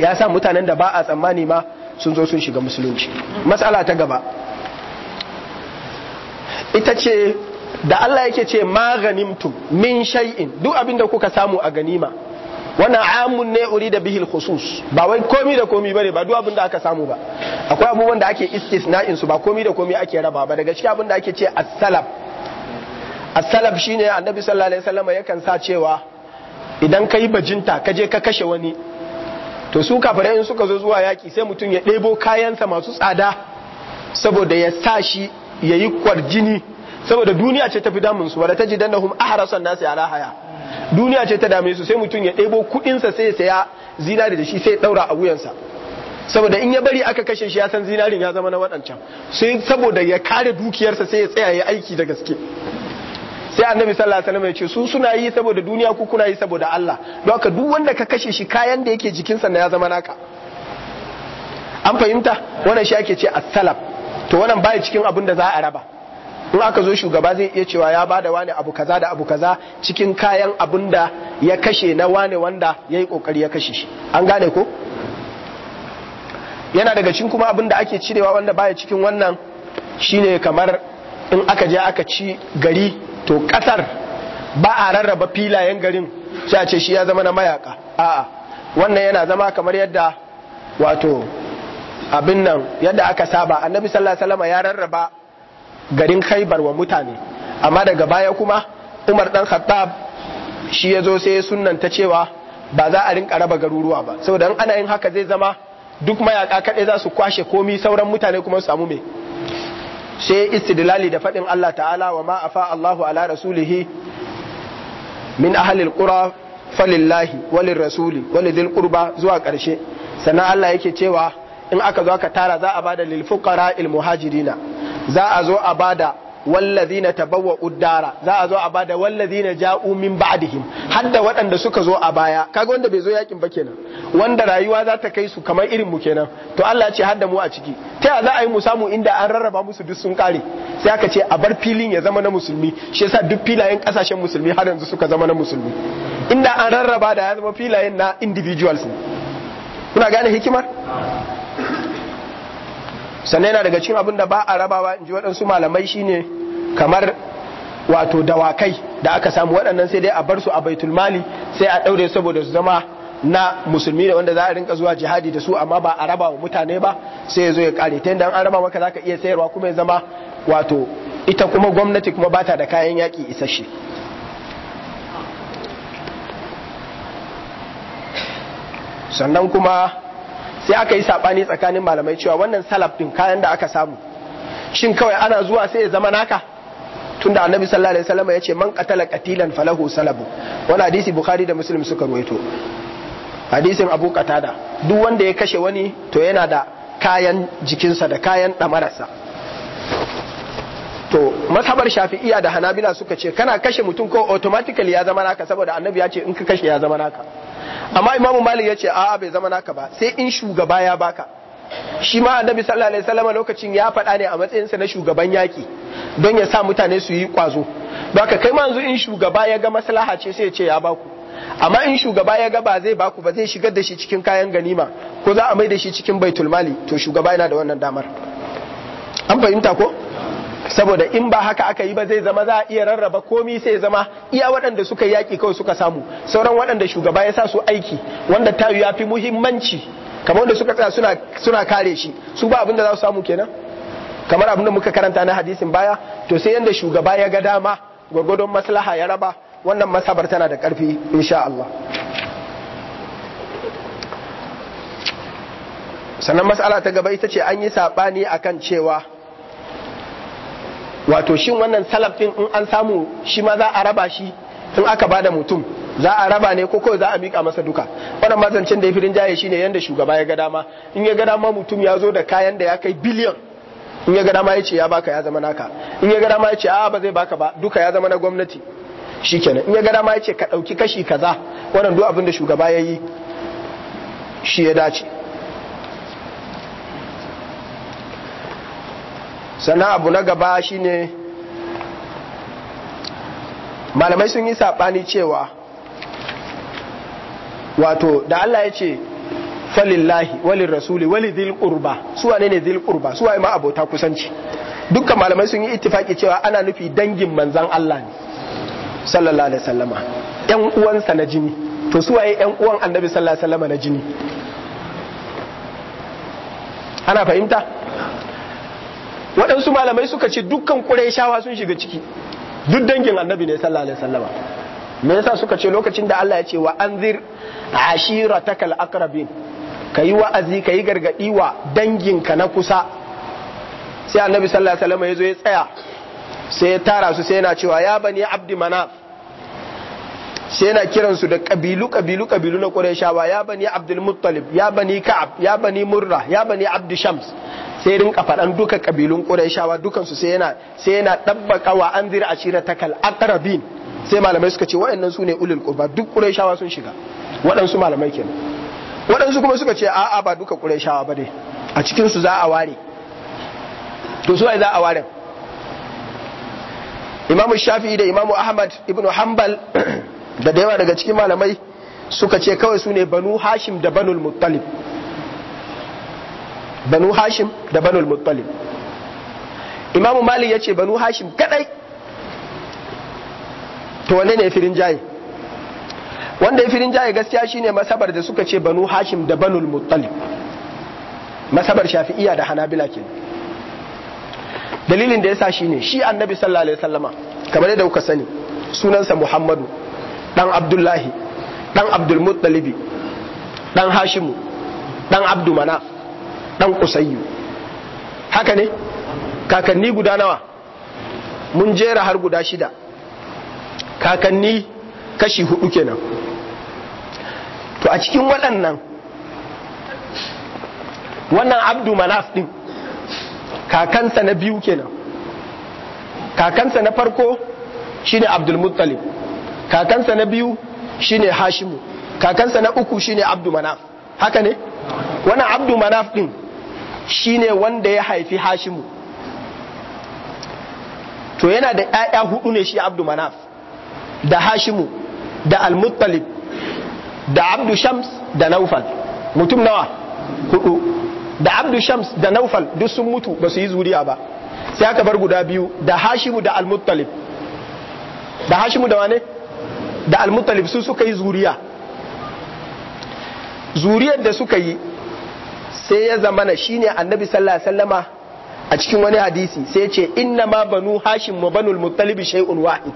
ya sa mutanen da ba a tsammani ma sun zo sun shiga musulunci matsala ta gaba ita ce da Allah yake ce ma ganimtum min shay'in duk abin da kuka samu a ganima wannan amun ne uri da bihil khusus ba wai komi da komi bane ba duk abin da aka samu ba akwai abubuwan da ake istisna'in su ba komi da komi ake raba ba daga cikin abin da ake ce as-salaf as-salaf shine annabi sallallahu alaihi wasallam yakan sa cewa idan kai bajinta ka je ka kashe wani to su kafirai in suka zo zuwa yaki sai mutum ya ɗebo kayansa masu tsada saboda ya sa shi yayi kwarjini saboda duniya ce ta fi damun su wala tajidannahum ahrasan nasi ala haya duniya ce ta dame su sai mutum ya ɗebo kuɗinsa sai ya saya zinari da shi sai ya ɗaura a wuyansa saboda in ya bari aka kashe shi ya san zinarin ya zama na waɗancan sai saboda ya kare dukiyarsa sai ya tsaya ya aiki da gaske sai annabi sallallahu alaihi wasallam ya ce su suna yi saboda duniya ku kuna yi saboda Allah don haka duk wanda ka kashe shi kayan da yake jikinsa na ya zama naka an fahimta wannan shi ake ce as-salaf to wannan baya cikin abin da za a raba in aka zo shugaba zai iya cewa ya bada wani abu kaza da abu kaza cikin kayan abin da ya kashe na wani wanda ya yi kokari ya kashe shi an gane ko yana daga cikin kuma abin da ake cirewa wanda baya cikin wannan shine kamar in aka je aka ci gari to kasar ba a rarraba filayen garin sai a ce shi ya zama na mayaka a'a wannan yana zama kamar yadda wato abin nan yadda aka saba annabi sallallahu alaihi ya rarraba garin khaibar wa mutane amma daga baya kuma umar dan khattab shi ya zo sai ya ta cewa ba za a rinka raba garuruwa ba saboda in ana yin haka zai zama duk mayaka kaɗai za su kwashe komi sauran mutane kuma su samu me sai istidlali da faɗin Allah ta'ala wa ma afa Allahu ala rasulihi min ahli alqura falillahi walirrasuli rasuli walidil qurba zuwa ƙarshe sannan Allah yake cewa in aka zo aka tara za a bada lil fuqara il muhajirina za a zo a bada wallazina tabawwa uddara za a zo a bada wallazina ja'u min ba'dihim hadda waɗanda suka zo a baya kaga wanda bai zo yakin ba kenan wanda rayuwa za ta kai su kamar irin mu kenan to Allah ya ce hadda mu a ciki ta za a yi mu samu inda an rarraba musu duk sun kare sai aka ce a bar filin ya zama na musulmi shi yasa duk filayen kasashen musulmi har yanzu suka zama na musulmi inda an rarraba da ya zama filayen na individuals ne kuna gane hikimar sannan yana daga cikin abin da ba a rabawa in ji waɗansu malamai shine kamar wato dawakai da aka samu waɗannan sai dai a bar su a baitul mali sai a ɗaure saboda su zama na musulmi da wanda za a rinka zuwa jihadi da su amma ba a rabawa mutane ba sai ya zo ya kare ta yadda an raba maka zaka iya sayarwa kuma ya zama wato ita kuma gwamnati kuma ba ta da kayan yaƙi isasshe sannan kuma sai aka yi sabani tsakanin malamai cewa wannan salaf din kayan da aka samu shin kawai ana zuwa sai ya zama naka tunda annabi sallallahu alaihi wasallam ya ce man qatala qatilan falahu salabu wani hadisi bukhari da muslim suka ruwaito hadisin abu qatada duk wanda ya kashe wani to yana da kayan jikinsa da kayan damararsa to mazhabar shafi'iya da hanabila suka ce kana kashe mutum ko automatically ya zama naka saboda annabi ya ce in ka kashe ya zama naka amma imamu malik ya ce a bai zama naka ba sai in shugaba ya baka shi ma annabi sallallahu alaihi wasallam lokacin ya faɗa ne a sa na shugaban yaki don ya sa mutane su yi kwazo baka kai ma yanzu in shugaba ya ga maslaha ce sai ya ce ya baku amma in shugaba ya ga ba zai baku ba zai shigar da shi cikin kayan ganima ko za a mai da shi cikin baitul mali to shugaba yana da wannan damar an fahimta ko saboda in ba haka aka yi ba zai zama za a iya rarraba komi sai zama iya waɗanda suka yaki kawai suka samu sauran waɗanda shugaba ya sa su aiki wanda tayu ya fi muhimmanci kamar wanda suka tsaya suna, suna kare shi su ba abin da za su samu kenan kamar abin da muka karanta na hadisin baya to sai yanda shugaba ya ga dama gwargwadon maslaha ya raba wannan masabar tana da ƙarfi insha Allah sannan mas'ala ta gaba ita ce an yi saɓani akan cewa wato shin wannan salaf din in an samu shi ma za a raba shi in aka bada mutum za a raba ne ko kawai za a mika masa duka wannan mazancin da ya firin jaye shine yanda shugaba ya ga dama in ya ga dama mutum ya zo da kayan da ya kai biliyan in ya ga dama ya ce ya baka ya zama naka in ya ga dama ya ce a ba zai baka ba duka ya zama na gwamnati shikenan in ya ga dama ya ce ka ɗauki kashi kaza wannan duk abin da shugaba ya yi shi ya dace sannan abu na gaba shine malamai sun yi saɓani cewa wato da Allah ya ce falillahi walin rasuli wali zil qurba suwa ne ne zil qurba suwa ma abota kusanci dukkan malamai sun yi ittifaki cewa ana nufi dangin manzan Allah ne sallallahu alaihi wasallama yan uwansa na jini to yi yan uwan annabi sallallahu alaihi wasallama na jini ana fahimta waɗansu malamai suka ce dukkan shawa sun shiga ciki duk dangin annabi ne sallallahu alaihi wasallama me yasa suka ce lokacin da Allah ya ce wa anzir ashiratakal aqrabin kayi wa'azi kayi gargadi wa dangin ka na kusa sai annabi sallallahu alaihi wasallama ya zo ya tsaya sai ya tara su sai yana cewa ya bani abdi Mana. sai yana kiran su da kabilu kabilu kabilu na qurayshawa ya bani abdul muttalib ya bani ka'ab ya bani murra ya bani abdi shams sai rinka faɗan duka kabilun Qurayshawa dukan su sai yana sai yana dabbaka wa anzir takal aqrabin sai malamai suka ce waɗannan su ne ulul qurba duk Qurayshawa sun shiga waɗansu malamai kenan waɗansu kuma suka ce a'a ba duka Qurayshawa ba ne a cikin su za a ware to su ai za a ware imamu Shafi'i da Imam Ahmad ibn Hanbal da da yawa daga cikin malamai suka ce kawai su ne Banu Hashim da Banul Muttalib banu hashim da banul muttalib imamu malik ya ce banu hashim kadai to wanne ne firin jaye wanda ya firin jaye gaskiya shine masabar da suka ce banu hashim da banul muttalib masabar shafi'iya da hanabila ke dalilin da ya shine shi annabi sallallahu alaihi wasallama kamar yadda kuka sani sunansa muhammadu dan abdullahi dan abdul muttalibi dan hashimu dan abdu manaf dan kusayyu haka ne kakanni guda nawa mun jera har guda shida kakanni kashi hudu kenan to a cikin waɗannan wannan abdu manaf din kakansa na biyu kenan kakansa na farko shine abdul muttalib kakansa na biyu shine hashimu kakansa na uku shine abdu manaf haka ne wannan abdu manaf din shine wanda ya haifi hashimu to yana da ‘ya'ya hudu ne shi abdu manaf da hashimu da almuttalib da abdu shams da naufal mutum nawa hudu da abdu shams da naufal duk sun mutu ba su yi zuriya ba sai aka bar guda biyu da hashimu da almuttalib da hashimu da wane da almuttalib su suka yi zuriya zuriyar da suka yi sai ya zamana shine annabi sallallahu alaihi wasallama a cikin wani hadisi sai ya ce inna ma banu hashim wa banul muttalib shay'un wahid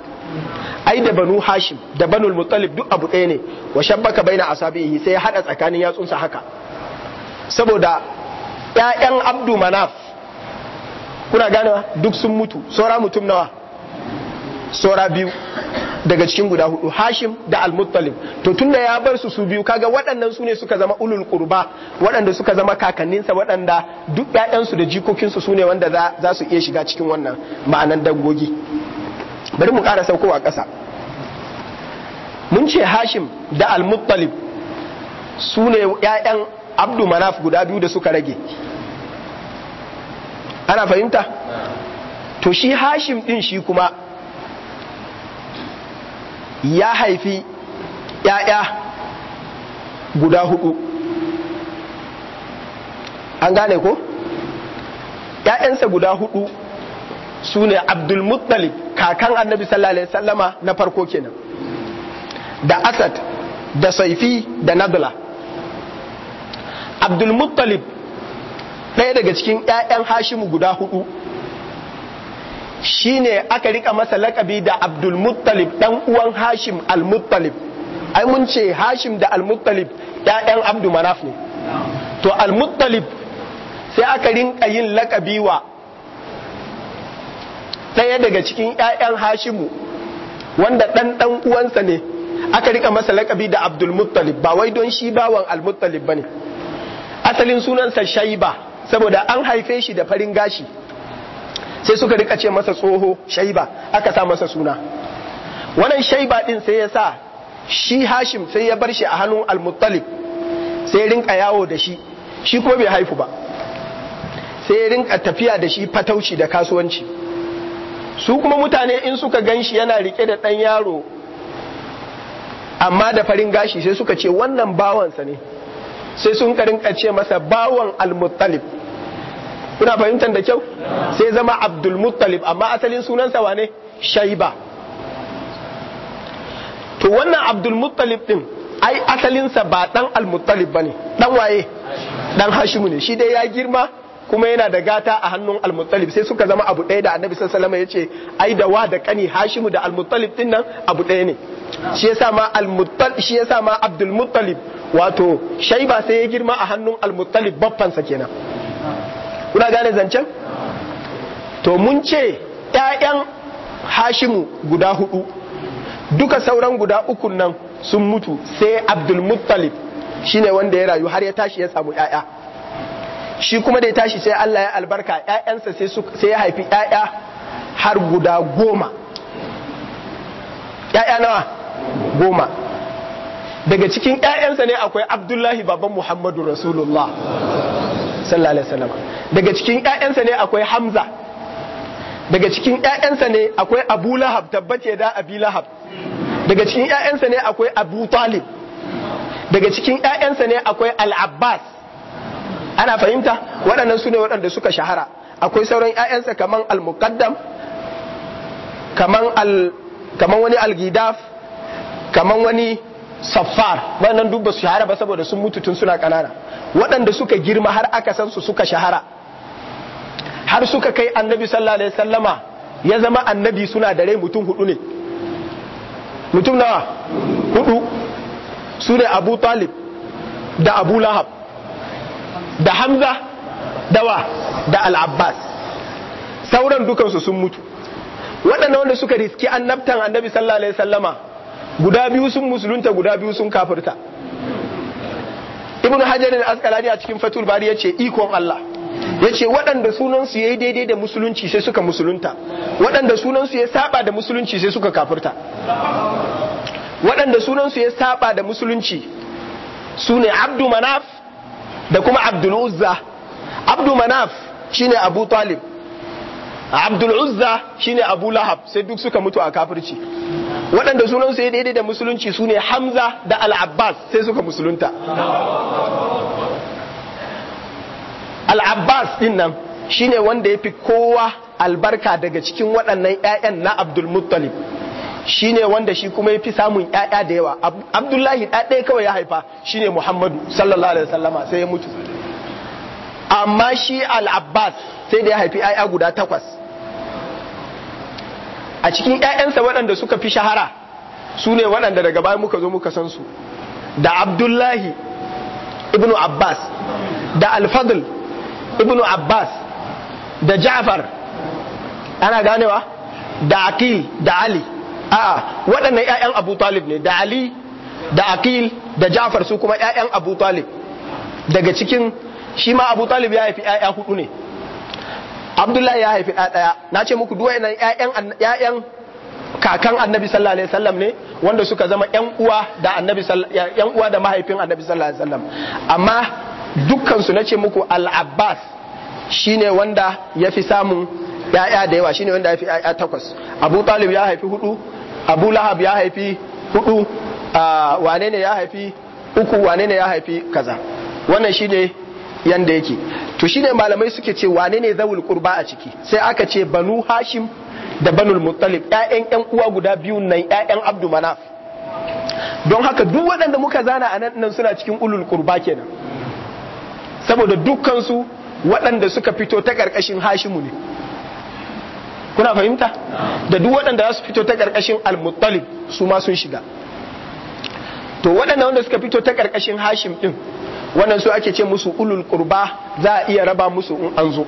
ai da banu hashim da banul muttalib duk abu ɗaya ne wa shabbaka baina asabihi sai ya hada tsakanin yatsunsa haka saboda ƴaƴan abdu manaf kuna ganewa duk sun mutu saura mutum nawa saura biyu daga cikin guda hudu hashim da al Al-Muttalib to tunda ya bar su su biyu kaga waɗannan su ne suka zama ulul qurba waɗanda suka zama kakanninsa waɗanda duk su da jikokinsu su ne wanda za, su iya shiga cikin wannan ma'anan dangogi bari mu ƙara a ƙasa mun ce hashim da al su ne ƴaƴan abdu manaf guda biyu da suka rage ana fahimta to shi hashim din shi kuma ya haifi ‘ya'ya guda hudu an gane ko ‘ya'yansa guda hudu su ne abdulmuttalib kakan annabi sallallahu sallama na farko kenan da asad da saifi da nadla abdulmuttalib ɗaya daga cikin ‘ya'yan hashimu guda hudu Shi ne aka rika masa lakabi da Abdul Muttalib dan uwan Hashim Al Muttalib ai mun ce Hashim da Al Muttalib ƴaƴan Abdul Manaf ne to Al Muttalib sai aka rinka yin lakabi wa ɗaya daga cikin ƴaƴan Hashimu wanda ɗan dan uwansa ne aka rika masa lakabi da Abdul Muttalib ba wai don shi bawan Al Muttalib bane asalin sunansa Shaiba saboda an haife shi da farin gashi sai suka rika ce masa tsoho shaiba aka sa masa suna wannan shaiba din sai ya sa shi hashim sai ya bar shi a hannun almuttalib sai rinka yawo da shi shi kuma bai haifu ba sai rinka tafiya da shi fatauci da kasuwanci su kuma mutane in suka gan shi yana rike da ɗan yaro amma da farin gashi sai suka ce wannan bawansa ne sai sun rinka ce masa bawan almuttalib kuna fahimtar da kyau sai zama abdul muttalib amma asalin sunansa wane shaiba to wannan abdul muttalib din ai asalinsa ba dan al muttalib bane dan waye dan hashimu ne shi dai ya girma kuma yana da gata a hannun al-Muttalib sai suka zama abu ɗaya da annabi sallallahu alaihi wasallam yace ai da wa da kani hashimu da muttalib din nan abu ɗaya ne shi yasa ma almuttalib shi yasa ma abdul muttalib wato shaiba sai ya girma a hannun al almuttalib baffansa kenan kuna gane zancen to mun ce yayan hashimu guda hudu duka sauran guda ukun nan sun mutu sai abdul shi ne wanda ya rayu har ya tashi ya samu yaya shi kuma da ya tashi sai Allah ya albarka ‘ya'yansa sai ya haifi ‘ya'ya har guda goma. ‘ya'ya nawa? Goma. Daga cikin ‘ya'yansa ne akwai Abdullahi baban Muhammadu Rasulullah. sallallahu alaihi wasallam daga cikin ƴaƴansa ne akwai Hamza daga cikin ƴaƴansa ne akwai Abu Lahab tabbace da Abi Lahab daga cikin ƴaƴansa ne akwai Abu Talib daga cikin ƴaƴansa ne akwai Al-Abbas ana fahimta waɗannan su ne waɗanda suka shahara akwai sauran ƴaƴansa kaman Al-Muqaddam kaman al kaman wani Al-Gidaf kaman wani saffar wannan duk ba su shahara ba saboda sun mutu tun suna kanana waɗanda suka girma har aka san su suka shahara har suka kai annabi sallallahu alaihi sallama ya zama annabi suna da rai mutum hudu ne mutum nawa hudu su ne abu talib da abu lahab da hamza dawa da al'abbas sauran dukansu sun mutu waɗanda wanda suka riski annabtan annabi sallallahu alaihi sallama guda biyu sun musulunta guda biyu sun kafirta Ibn hajar al-asqalani a cikin fatul bari yace ikon Allah yace waɗanda sunan su yayi daidai da musulunci sai suka musulunta waɗanda sunan su ya saba da musulunci sai suka kafirta waɗanda sunan su ya saba da musulunci sune abdu manaf da kuma abdul uzza abdu manaf shine abu talib abdul shi ne abu lahab sai duk suka mutu a kafirci waɗanda sunansu ya daidai da musulunci su ne hamza da al-abbas sai suka musulunta al-abbas din nan ne wanda ya fi kowa albarka daga cikin waɗannan 'ya'yan na abdul muttalib shi ne wanda shi kuma ya fi samun ‘ya'ya da yawa abdullahi ɗaya kawai ya haifa shi ne muhammadu sallallahu alaihi wasallama sai ya mutu amma shi al'abbas sai da ya haifi ‘ya'ya guda takwas a cikin ƴaƴansa waɗanda suka fi shahara su ne waɗanda daga baya muka zo muka san su da abdullahi ibnu abbas da alfadl ibnu abbas da ja'far ana ganewa da akil da ali a'a waɗannan ƴaƴan abu talib ne da ali da akil da ja'far su kuma ƴaƴan abu talib daga cikin shi ma abu talib ya haifi ƴaƴa hudu ne abdullahi ya haifi ɗaya na ce muku duwaye nan ‘ya’yan kakan annabi sallallahu alaihi wasallam ne wanda suka zama ƴan uwa da annabi uwa da mahaifin annabi sallallahu alaihi wasallam amma dukkan su ce muku AlAbbas shi ne wanda ya fi samun yaya da yawa shi ne wanda ya fi yaya takwas abu talib ya haifi hudu abu lahab ya haifi hudu ah, wane ne ya haifi uku wane ne ya haifi kaza wannan ne. yanda yake to shine malamai suke ce wane ne zawul qurba a ciki sai aka ce banu hashim da banul muttalib ƴaƴan ƴan uwa guda biyun nan ƴaƴan abdu manaf don haka duk waɗanda muka zana a nan suna cikin ulul qurba kenan saboda dukkan su waɗanda suka fito ta ƙarƙashin hashimu ne kuna fahimta da duk waɗanda za su fito ta ƙarƙashin al-muttalib su ma sun shiga to waɗanda wanda suka fito ta ƙarƙashin hashim ɗin wannan su ake ce musu ulul qurba za a iya raba musu in an zo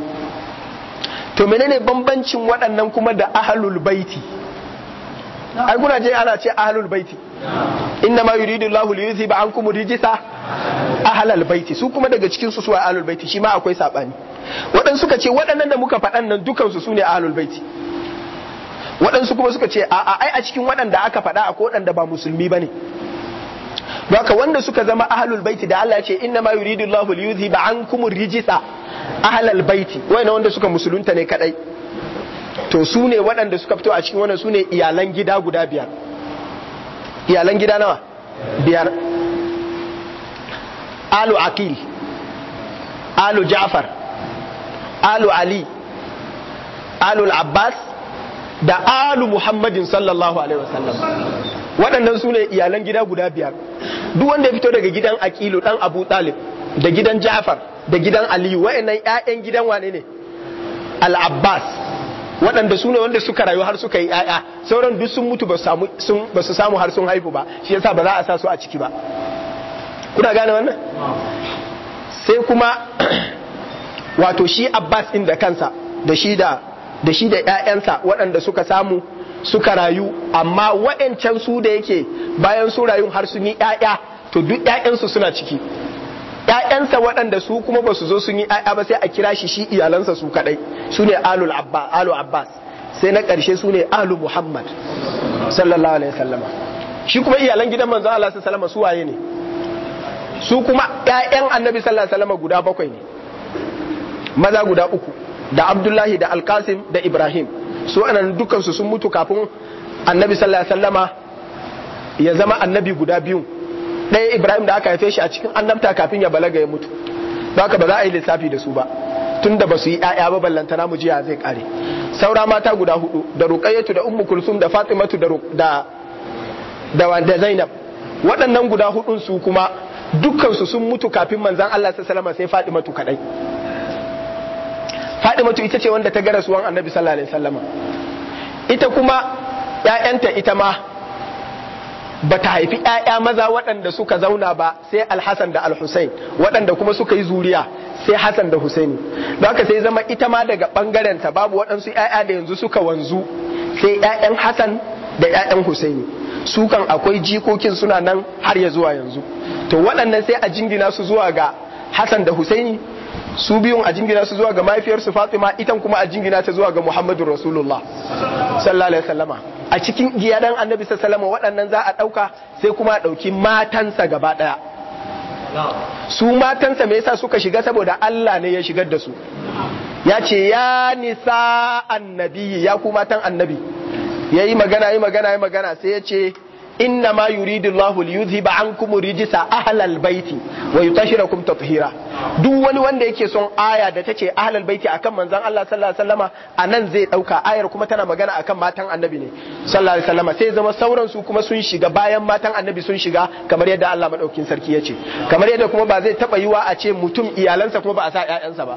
to menene bambancin waɗannan kuma da ahlul baiti ai kuna je ana ce ahlul baiti inna ma yuridu Allahu li yuzhiba ankum rijsa ahlul baiti su kuma daga cikin su suwa ahlul baiti shi ma akwai sabani waɗansu suka ce waɗannan da muka faɗan nan dukan su sune ahlul baiti waɗansu kuma suka ce a'a ai a cikin waɗanda aka faɗa akwai waɗanda ba musulmi bane haka wanda suka zama ahlul baiti da Allah ya ce inna ma yuridu Allahu liyudhiba ankum rijsa ahlal baiti wayna wanda suka musulunta ne kadai to su ne waɗanda suka fito a cikin wannan su ne iyalan gida guda biyar iyalan gida nawa biyar alu akil alu ja'far alu ali alu abbas da alu muhammadin sallallahu alaihi wasallam waɗannan su ne iyalan gida guda biyar duk wanda ya fito daga gidan aqilu dan abu talib da gidan ja'far da gidan aliyu waɗannan ƴaƴan gidan wane ne al-abbas waɗanda su ne wanda suka rayu har suka yi ƴaƴa sauran duk sun mutu ba su samu har sun haihu ba shi yasa ba za a sa su a ciki ba kuna gane wannan sai kuma wato shi abbas ɗin da kansa da shi da da shi da ƴaƴansa waɗanda suka samu suka rayu amma wa'ancan su da yake bayan su rayu har sun yi ƴaƴa to duk ƴaƴansu suna ciki ƴaƴansa waɗanda su kuma ba su zo sun yi ƴaƴa ba sai a kira shi shi iyalansa su kaɗai su ne alul abba alu abbas sai na ƙarshe su ne alu muhammad sallallahu alaihi wasallama shi kuma iyalan gidan manzon Allah sallallahu salama su waye ne su kuma ƴaƴan annabi sallallahu alaihi wasallama guda bakwai ne maza guda uku da abdullahi da alkasim da ibrahim su anan dukansu sun mutu kafin annabi sallallahu alaihi wasallama ya zama annabi guda biyu ɗaya ibrahim da aka haife shi a cikin annabta kafin ya balaga ya mutu ba ka ba za a yi lissafi da su ba tun da ba su yi ƴaƴa ba ballanta mu jiya zai kare saura mata guda hudu da ruqayyatu da ummu kulsum da fatimatu da da da, wanda zainab waɗannan guda hudun su kuma dukkan su sun mutu kafin manzon Allah sallallahu alaihi wasallama sai fatimatu kadai fadimatu ita ce wanda ta gara suwan annabi sallallahu alaihi wasallama ita kuma ƴaƴanta ita ma ba ta haifi ƴaƴa maza waɗanda suka zauna ba sai alhassan da alhussein waɗanda kuma suka yi zuriya sai hassan da husaini don haka sai zama ita ma daga ɓangarenta babu waɗansu ƴaƴa da yanzu suka wanzu sai ƴaƴan hassan da ƴaƴan husaini su kan akwai jikokin suna nan har ya zuwa yanzu to waɗannan sai a jingina su zuwa ga hassan da husaini su biyun a jingina su zuwa ga mahaifiyarsu Fatima itan kuma a jingina ta zuwa ga Muhammadu Rasulullah sallallahu alaihi a cikin giyadan Annabi sallallahu waɗannan za a ɗauka sai kuma a ɗauki matansa gaba ɗaya su matansa me yasa suka shiga saboda Allah ne ya shigar da su ya ce ya nisa annabi ya ku matan annabi yayi magana yi magana yi magana sai ya ce inna ma yuridu Allahu li yuzhiba ankum rijsa ahlal baiti wa yutahhirakum tathira duk wani wanda yake son aya da tace ahlal baiti akan manzon Allah sallallahu alaihi wasallama anan zai dauka ayar kuma tana magana akan matan annabi ne sallallahu alaihi wasallama sai zama sauran su kuma sun shiga bayan matan annabi sun shiga kamar yadda Allah madaukin sarki yace kamar yadda kuma ba zai taba yiwa a ce mutum iyalansa kuma ba a sa ƴaƴansa ba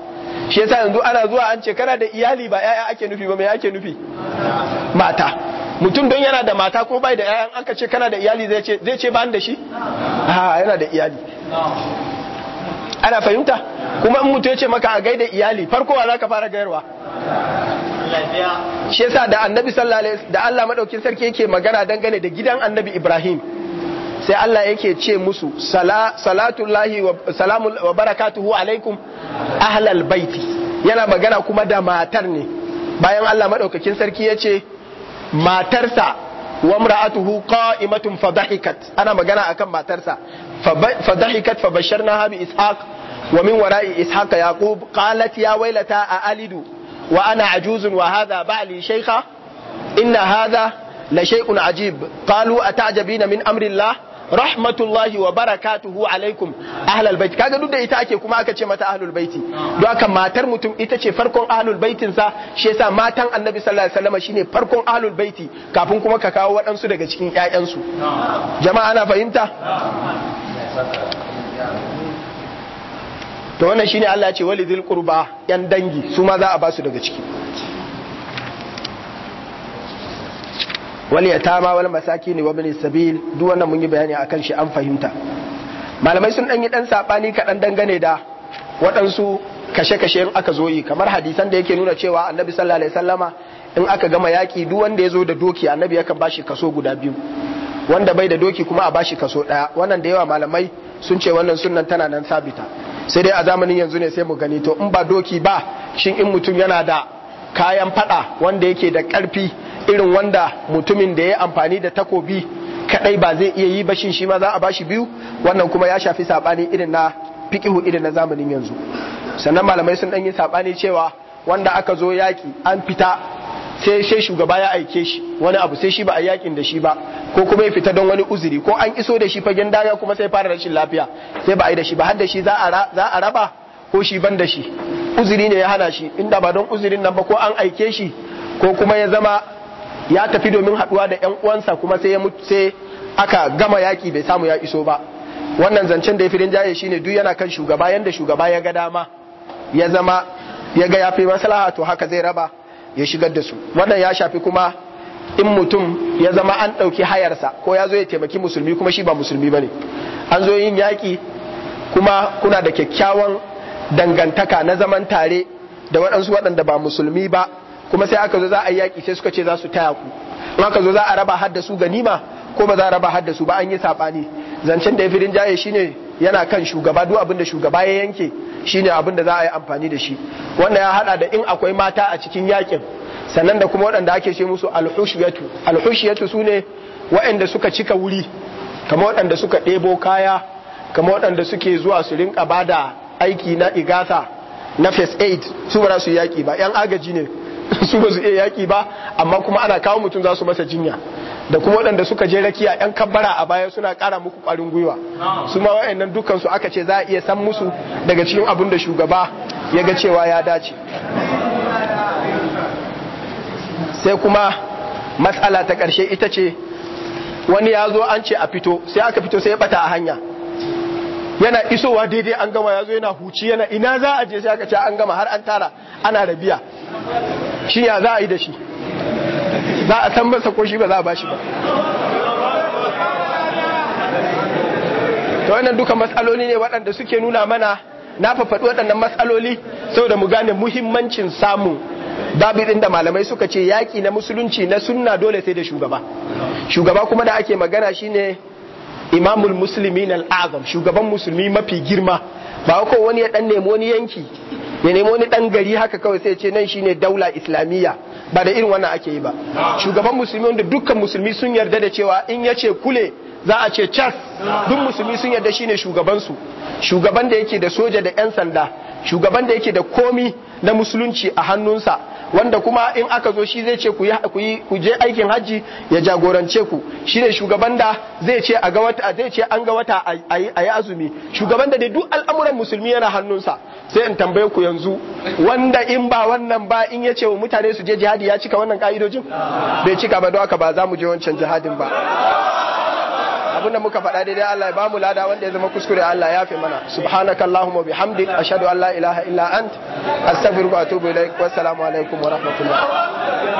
shi yasa yanzu ana zuwa an ce kana da iyali ba ƴaƴa ake nufi ba me ake nufi mata mutum don yana da mata ko bai da yayan aka ce kana da iyali zai ce zai ba da shi a yana da iyali ana fahimta kuma in mutum ya ce maka a gaida iyali farko wa zaka fara gayarwa shi yasa da annabi sallallahu da Allah madaukin sarki yake magana dangane da gidan annabi Ibrahim sai Allah yake ce musu lahi wa salamu wa barakatuhu alaikum ahlal baiti yana magana kuma da matar ne bayan Allah madaukakin sarki yace. matarsa wa mra'atuhu qa'imatun fa dahikat ana magana akan matarsa fa dahikat fadahikat fabasharnaha bi ishaq wa min wara'i ishaq yaqub qalat ya waylata a alidu wa ana ajuzun wa hadha ba'li shaykha inna hadha la shay'un ajib qalu atajabina min amri allah rahmatullahi wa barakatuhu alaikum ahlal bait kaga duk da ita ake kuma aka ce mata ahlul baiti don haka matar mutum ita ce farkon ahlul baitin sa shi yasa matan annabi sallallahu alaihi wasallam shine farkon ahlul baiti kafin kuma ka kawo waɗansu daga cikin ƴaƴansu jama'a ana fahimta to wannan shine Allah ya ce walidil qurba yan dangi su ma za a ba su daga ciki wal yatama wal ne wa ibn sabil duk wannan mun yi bayani akan shi an fahimta malamai sun dan yi dan sabani kaɗan dangane da waɗansu kashe-kashe in aka zo yi kamar hadisan da yake nuna cewa annabi sallallahu alaihi wasallama in aka gama yaki duk wanda ya zo da doki annabi yakan bashi kaso guda biyu wanda bai da doki kuma a bashi kaso ɗaya wannan da yawa malamai sun ce wannan sunnan tana nan sabita sai dai a zamanin yanzu ne sai mu gani to in ba doki ba shin in mutum yana da kayan fada wanda yake da karfi irin wanda mutumin da ya amfani da takobi kadai ba zai iya yi ba shin shi ma za a bashi biyu wannan kuma ya shafi sabani irin na fiqihu irin na zamanin yanzu sannan malamai sun dan yi sabani cewa wanda aka zo yaki an fita sai sai shugaba ya aike shi wani abu sai shi ba a yakin da shi ba ko kuma ya fita don wani uzuri ko an iso da shi fagen daga kuma sai fara rashin lafiya sai ba a yi da shi ba har da shi za a raba ko shi ban da shi uzuri ne ya hana shi inda ba don uzurin nan ba ko an aike shi ko kuma ya zama ya tafi domin haduwa da ‘yan uwansa kuma sai ya mutu aka gama yaƙi bai samu ya iso ba wannan zancen da ya firin jaye shine duk yana kan shugaba yanda shugaba ya ga dama ya zama ya ga yafi maslaha to haka zai raba ya shigar da su wannan ya shafi kuma in mutum ya zama an ɗauki hayarsa ko ya zo ya taimaki musulmi kuma shi ba musulmi ba ne an zo yin yaƙi kuma kuna da kyakkyawan dangantaka na zaman tare da waɗansu waɗanda ba musulmi ba kuma sai aka zo za a yaki sai suka ce za su taya ku in aka zo za a raba har da su ganima ko ba za a raba har da su ba an yi sabani zancen da ya firin jaye shine yana kan shugaba duk abin da shugaba ya yanke shine abin da za a yi amfani da shi wannan ya hada da in akwai mata a cikin yakin sannan da kuma waɗanda ake ce musu alhushiyatu alhushiyatu sune waɗanda suka cika wuri kamar waɗanda suka ɗebo kaya kamar waɗanda suke zuwa su rinka bada aiki na igasa na first aid su ba su yaki ba yan agaji ne su ba su iya yaƙi ba amma kuma ana kawo mutum za su masa jinya da kuma waɗanda suka je rakiya yan kabbara a baya suna ƙara muku ƙwarin gwiwa su ma wa'annan dukkan su aka ce za a iya san musu daga cikin abin da shugaba ya ga cewa ya dace sai kuma matsala ta ƙarshe ita ce wani ya zo an ce a fito sai aka fito sai ya bata a hanya yana isowa daidai an gama ya zo yana huci yana ina za a je sai aka ce an gama har an tara ana rabiya shi ya za a yi da shi za a san masa ko shi ba za a bashi ba to wannan duka matsaloli ne waɗanda suke nuna mana na fafaɗi waɗannan matsaloli saboda mu gane muhimmancin samu. babu ɗin malamai suka ce yaƙi na musulunci na sunna dole sai da shugaba shugaba kuma da ake magana shine imamul musulmi na al'azam shugaban musulmi mafi girma ba ko wani ya ɗan nemi wani yanki ya nemo wani dan gari haka kawai sai ce nan shine daula islamiyya ba da irin wannan ake yi ba shugaban musulmi wanda dukkan musulmi sun yarda da cewa in yace kule za a ce cas duk musulmi sun yarda shine shugaban su shugaban da yake da soja da yan sanda shugaban da yake da komi na musulunci a hannunsa wanda kuma in aka zo shi zai ce ku je aikin hajji ya jagorance ku shine shugaban da zai ce a ga zai ce an ga wata ayi azumi shugaban da duk al'amuran musulmi yana hannunsa sai in tambaye ku yanzu wanda in ba wannan ba in ya ce wa mutane su je jihadi ya cika wannan ka'idojin bai cika ba don haka ba za mu je wancan jihadin ba abinda muka faɗa daidai Allah ya bamu lada wanda ya zama kuskure Allah ya fi mana subhanaka allahumma bihamdik ashhadu an la ilaha illa ant astaghfiruka wa atubu ilaik wassalamu alaikum wa rahmatullah